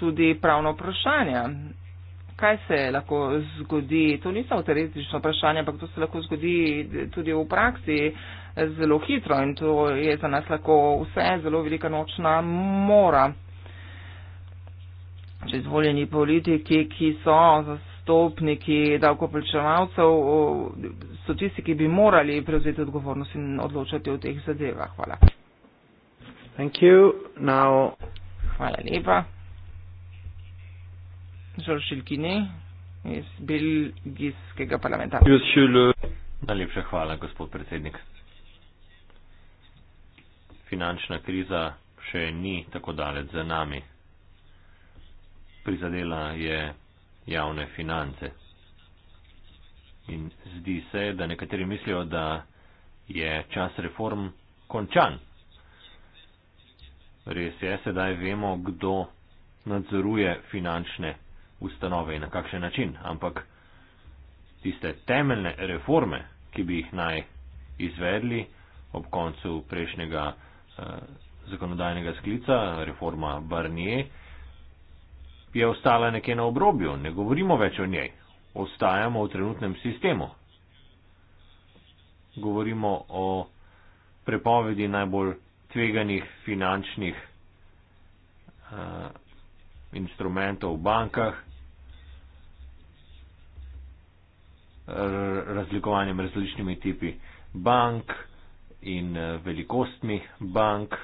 B: tudi pravno vprašanje. Kaj se lahko zgodi? To ni samo teoretično vprašanje, ampak to se lahko zgodi tudi v praksi zelo hitro in to je za nas lahko vse zelo velika nočna mora. Če izvoljeni politiki, ki so zastopniki davkoplačevalcev, so tisti, ki bi morali prevzeti odgovornost in odločati o teh zadevah. Hvala. Thank you. Now, Hvala lepa. Žoršil Kini iz Belgijskega parlamenta.
A: Najlepša hvala, gospod predsednik. Finančna kriza še ni tako daleč za nami. Prizadela je javne finance. In zdi se, da nekateri mislijo, da je čas reform končan. Res je, sedaj vemo, kdo nadzoruje finančne ustanove in na kakšen način, ampak tiste temeljne reforme, ki bi jih naj izvedli ob koncu prejšnjega eh, zakonodajnega sklica, reforma Barnier, je ostala nekje na obrobju, ne govorimo več o njej, ostajamo v trenutnem sistemu. Govorimo o prepovedi najbolj tveganih finančnih eh, instrumentov v bankah, razlikovanjem različnimi tipi bank in eh, velikostmi bank,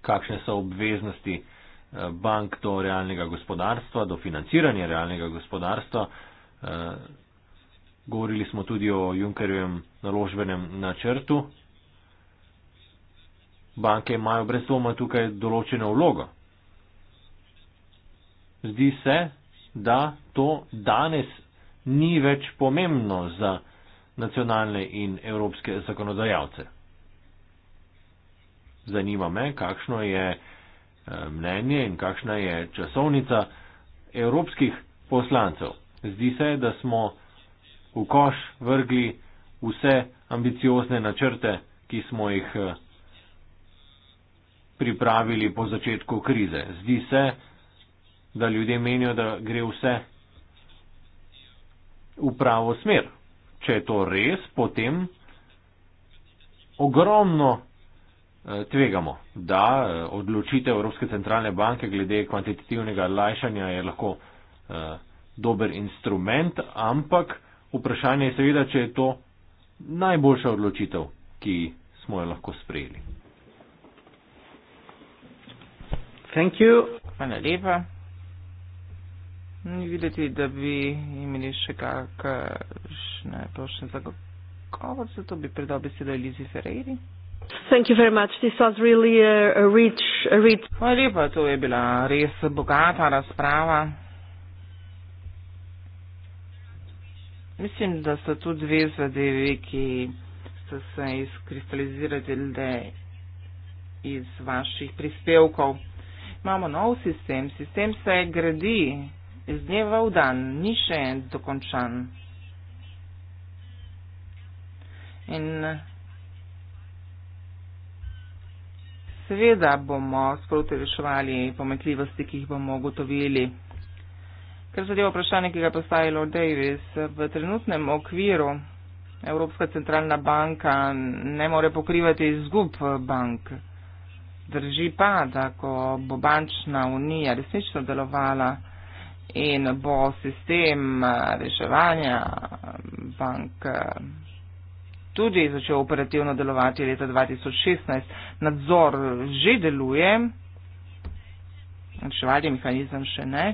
A: kakšne so obveznosti eh, bank do realnega gospodarstva, do financiranja realnega gospodarstva. Govorili smo tudi o Junkerjevem naložbenem načrtu, Banke imajo brez dvoma tukaj določeno vlogo. Zdi se, da to danes ni več pomembno za nacionalne in evropske zakonodajalce. Zanima me, kakšno je eh, mnenje in kakšna je časovnica evropskih poslancev. Zdi se, da smo v koš vrgli vse ambiciozne načrte, ki smo jih eh, pripravili po začetku krize. Zdi se, da ljudje menijo, da gre vse v pravo smer. Če je to res, potem ogromno eh, tvegamo, da eh, odločitev Evropske centralne banke glede kvantitativnega lajšanja je lahko eh, dober instrument, ampak vprašanje je seveda, če je to najboljša odločitev, ki smo jo lahko sprejeli. Thank you. Hvala lepa. Ni videti,
B: da bi imeli še kakšne prošnje za govor, zato bi predal besedo Elizi Ferreri. Thank you very much. This was really a, a rich, a rich. Hvala lepa, to je bila res bogata razprava. Mislim, da so tu dve zadevi, ki so se izkristalizirali iz vaših prispevkov imamo nov sistem, sistem se gradi iz dneva v dan, ni še en dokončan. In seveda bomo sproti reševali pometljivosti, ki jih bomo ugotovili. Ker zadeva vprašanje, ki ga je postavil Lord Davis, v trenutnem okviru Evropska centralna banka ne more pokrivati izgub bank drži pa, da ko bo bančna unija resnično delovala in bo sistem reševanja bank eh, tudi začel operativno delovati leta 2016, nadzor že deluje, reševalni mehanizem še ne.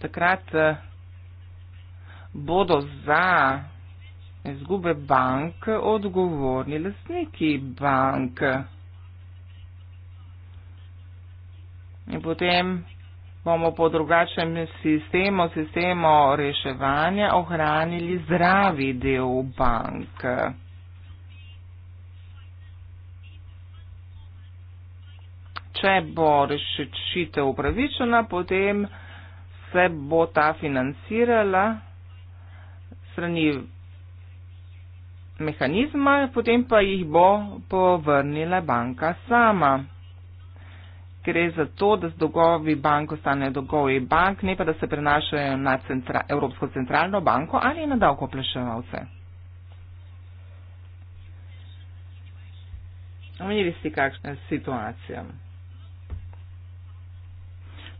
B: Takrat eh, bodo za izgube bank odgovorni lastniki bank. In potem bomo po drugačnem sistemu, sistemu reševanja ohranili zdravi del bank. Če bo rešitev upravičena, potem se bo ta financirala strani mehanizma, potem pa jih bo povrnila banka sama. Gre za to, da z dolgovi bank ostanejo dolgovi bank, ne pa da se prenašajo na centra, Evropsko centralno banko ali na davkoplaševalce. Omenili ste, kakšna je situacija.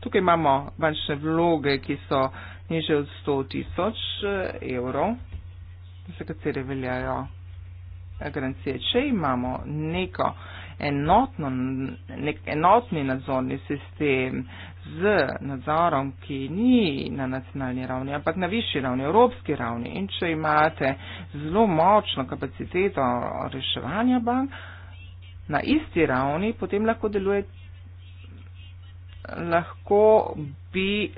B: Tukaj imamo bančne vloge, ki so niže od 100 tisoč eh, evrov za katere veljajo garancije. Če imamo neko enotno, nek enotni nadzorni sistem z nadzorom, ki ni na nacionalni ravni, ampak na višji ravni, evropski ravni, in če imate zelo močno kapaciteto reševanja bank, na isti ravni potem lahko deluje. Lahko, bi,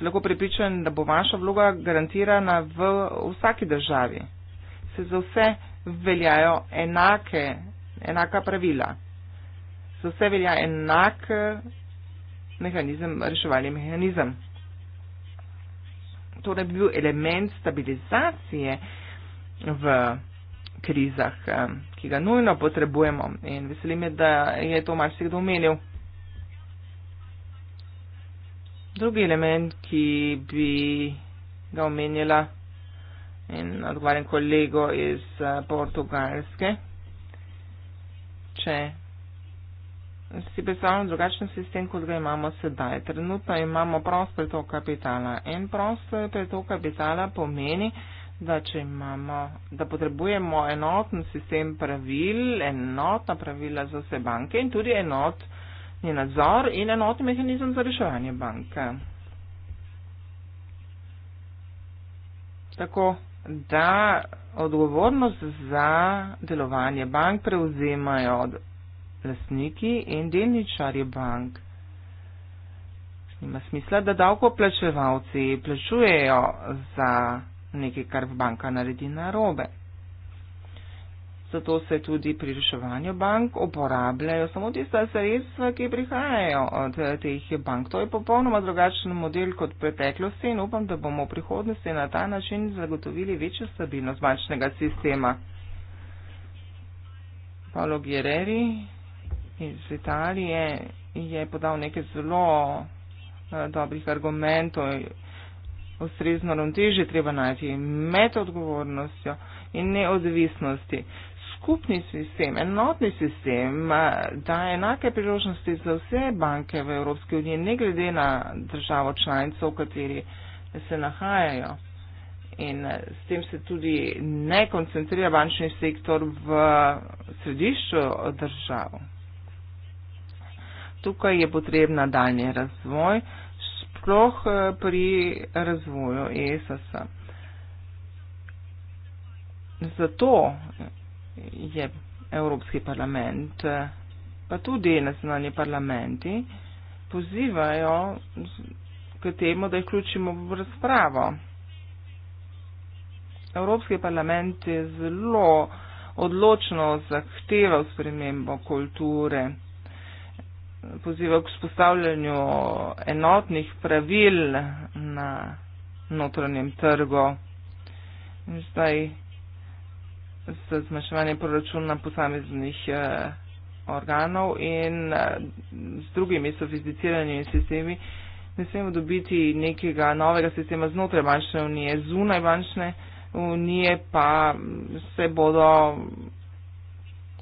B: lahko pripričam, da bo vaša vloga garantirana v vsaki državi se za vse veljajo enake, enaka pravila. Za vse velja enak eh, mehanizem, reševalni mehanizem. Torej bi bil element stabilizacije v krizah, eh, ki ga nujno potrebujemo. In veselim je, da je to marsikdo omenil. Drugi element, ki bi ga omenjala, in odgovarjam kolego iz eh, Portugalske. Če si predstavljamo drugačen sistem, kot ga imamo sedaj. Trenutno imamo prost pretok kapitala. En prost pretok kapitala pomeni, da, imamo, da potrebujemo enoten sistem pravil, enotna pravila za vse banke in tudi enotni nadzor in enotni mehanizem za reševanje banke. Tako da odgovornost za delovanje bank prevzemajo lastniki in delničarje bank. Nima smisla, da davkoplačevalci plačujejo za nekaj, kar banka naredi narobe zato se tudi pri reševanju bank uporabljajo samo tista sredstva, ki prihajajo od teh bank. To je popolnoma drugačen model kot v preteklosti in upam, da bomo v prihodnosti na ta način zagotovili večjo stabilnost bančnega sistema. Paolo Gereri iz Italije je podal nekaj zelo eh, dobrih argumentov. Ustrezno ravnotežje treba najti med odgovornostjo in neodvisnosti skupni sistem, enotni sistem eh, daje enake priložnosti za vse banke v Evropski uniji, ne glede na državo članico, v kateri se nahajajo. In eh, s tem se tudi ne koncentrira bančni sektor v središču državo. Tukaj je potrebna daljni razvoj, sploh eh, pri razvoju ESS. Zato je Evropski parlament, pa tudi nacionalni parlamenti, pozivajo k temu, da jih vključimo v razpravo. Evropski parlament je zelo odločno zahteval spremembo kulture, pozival k spostavljanju enotnih pravil na notranjem trgu. Zdaj za zmanjševanje proračuna posameznih eh, organov in eh, z drugimi sofisticiranimi sistemi ne smemo dobiti nekega novega sistema znotraj bančne unije. Zunaj bančne unije pa se bodo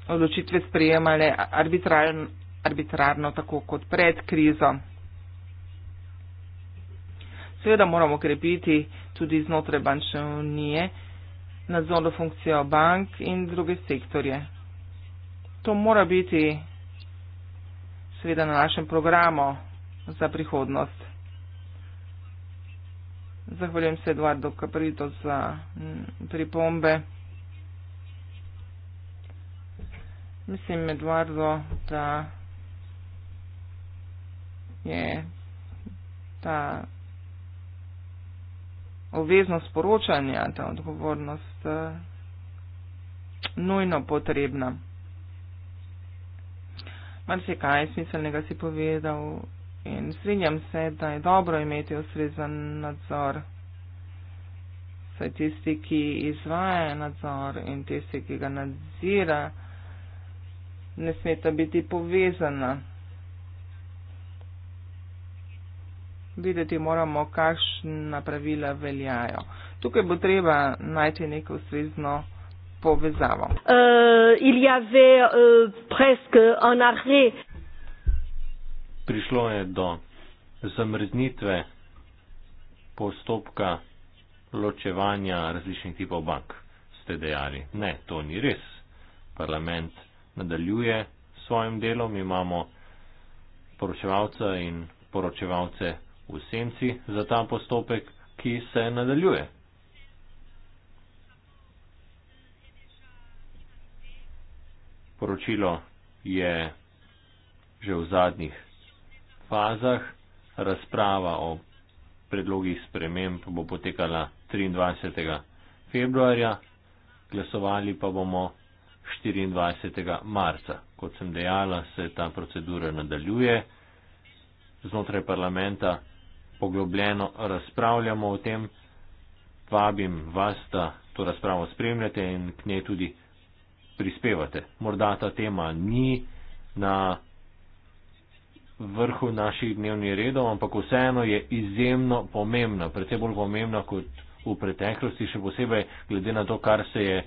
B: odločitve sprejemale arbitrarno, arbitrarno tako kot pred krizo. Seveda moramo krepiti tudi znotraj bančne unije nadzorno funkcijo bank in druge sektorje. To mora biti seveda na našem programu za prihodnost. Zahvaljujem se Eduardo Caprito za pripombe. Mislim, Eduardo, da je ta obveznost poročanja, ta odgovornost eh, nujno potrebna. Mar se kaj smiselnega si povedal in strinjam se, da je dobro imeti ustrezan nadzor. Saj tisti, ki izvaja nadzor in tisti, ki ga nadzira, ne smeta biti povezana. videti moramo, kakšna pravila veljajo. Tukaj bo treba najti neko ustrezno povezavo. Uh,
A: Prišlo je do zamrznitve postopka ločevanja različnih tipov bank, ste dejali. Ne, to ni res. Parlament nadaljuje s svojim delom, imamo poročevalca in poročevalce v senci za ta postopek, ki se nadaljuje. Poročilo je že v zadnjih fazah, razprava o predlogih sprememb bo potekala 23. februarja, glasovali pa bomo 24. marca. Kot sem dejala, se ta procedura nadaljuje znotraj parlamenta poglobljeno razpravljamo o tem. Vabim vas, da to razpravo spremljate in k njej tudi prispevate. Morda ta tema ni na vrhu naših dnevnih redov, ampak vseeno je izjemno pomembna, predvsem bolj pomembna kot v preteklosti, še posebej glede na to, kar se je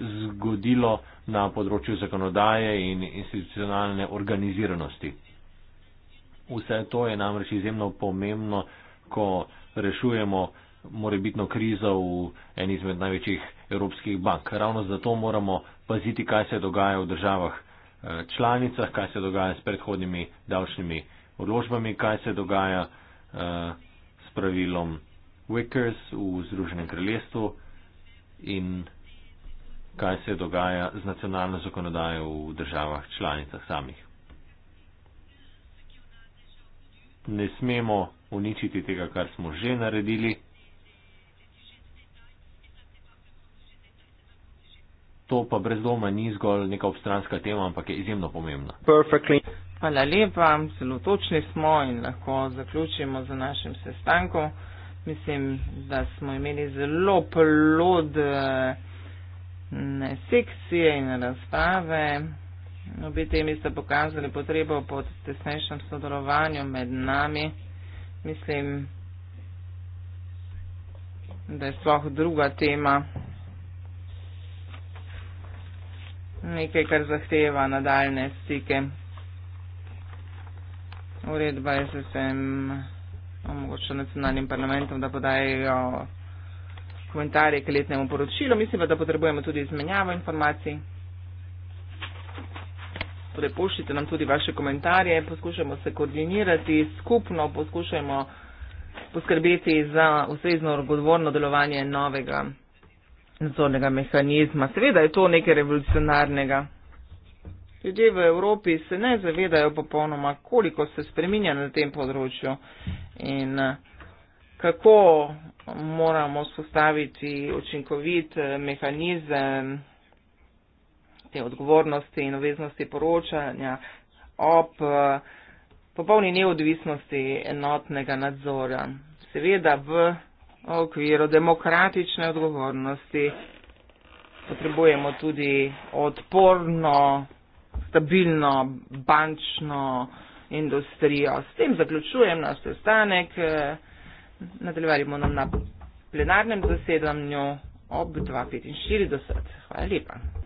A: zgodilo na področju zakonodaje in institucionalne organiziranosti. Vse to je namreč izjemno pomembno, ko rešujemo morebitno krizo v eni izmed največjih evropskih bank. Ravno zato moramo paziti, kaj se dogaja v državah eh, članicah, kaj se dogaja s predhodnimi davčnimi odložbami, kaj se dogaja eh, s pravilom Wickers v Združenem kraljestvu in kaj se dogaja z nacionalno zakonodajo v državah članicah samih. ne smemo uničiti tega, kar smo že naredili. To pa brez doma ni zgolj neka obstranska tema, ampak je izjemno pomembna. Perfectly.
B: Hvala lepa, zelo točni smo in lahko zaključimo z našim sestankom. Mislim, da smo imeli zelo plodne sekcije in razprave. Obe temi sta pokazali potrebo po tesnejšem sodelovanju med nami. Mislim, da je sploh druga tema nekaj, kar zahteva nadaljne stike. Uredba je se sem omogočila nacionalnim parlamentom, da podajajo komentarje k letnemu poročilu. Mislim pa, da potrebujemo tudi izmenjavo informacij. Torej, pošljite nam tudi vaše komentarje, poskušamo se koordinirati skupno, poskušamo poskrbeti za ustrezno odgovorno delovanje novega nadzornega mehanizma. Seveda je to nekaj revolucionarnega. Ljudje v Evropi se ne zavedajo popolnoma, koliko se spreminja na tem področju in eh, kako moramo spostaviti učinkovit eh, mehanizem te odgovornosti in obveznosti poročanja ob eh, popolni neodvisnosti enotnega nadzora. Seveda v okviru demokratične odgovornosti potrebujemo tudi odporno, stabilno bančno industrijo. S tem zaključujem naš sestanek. Eh, Nadaljujemo nam na plenarnem zasedanju ob 2.45. Hvala lepa.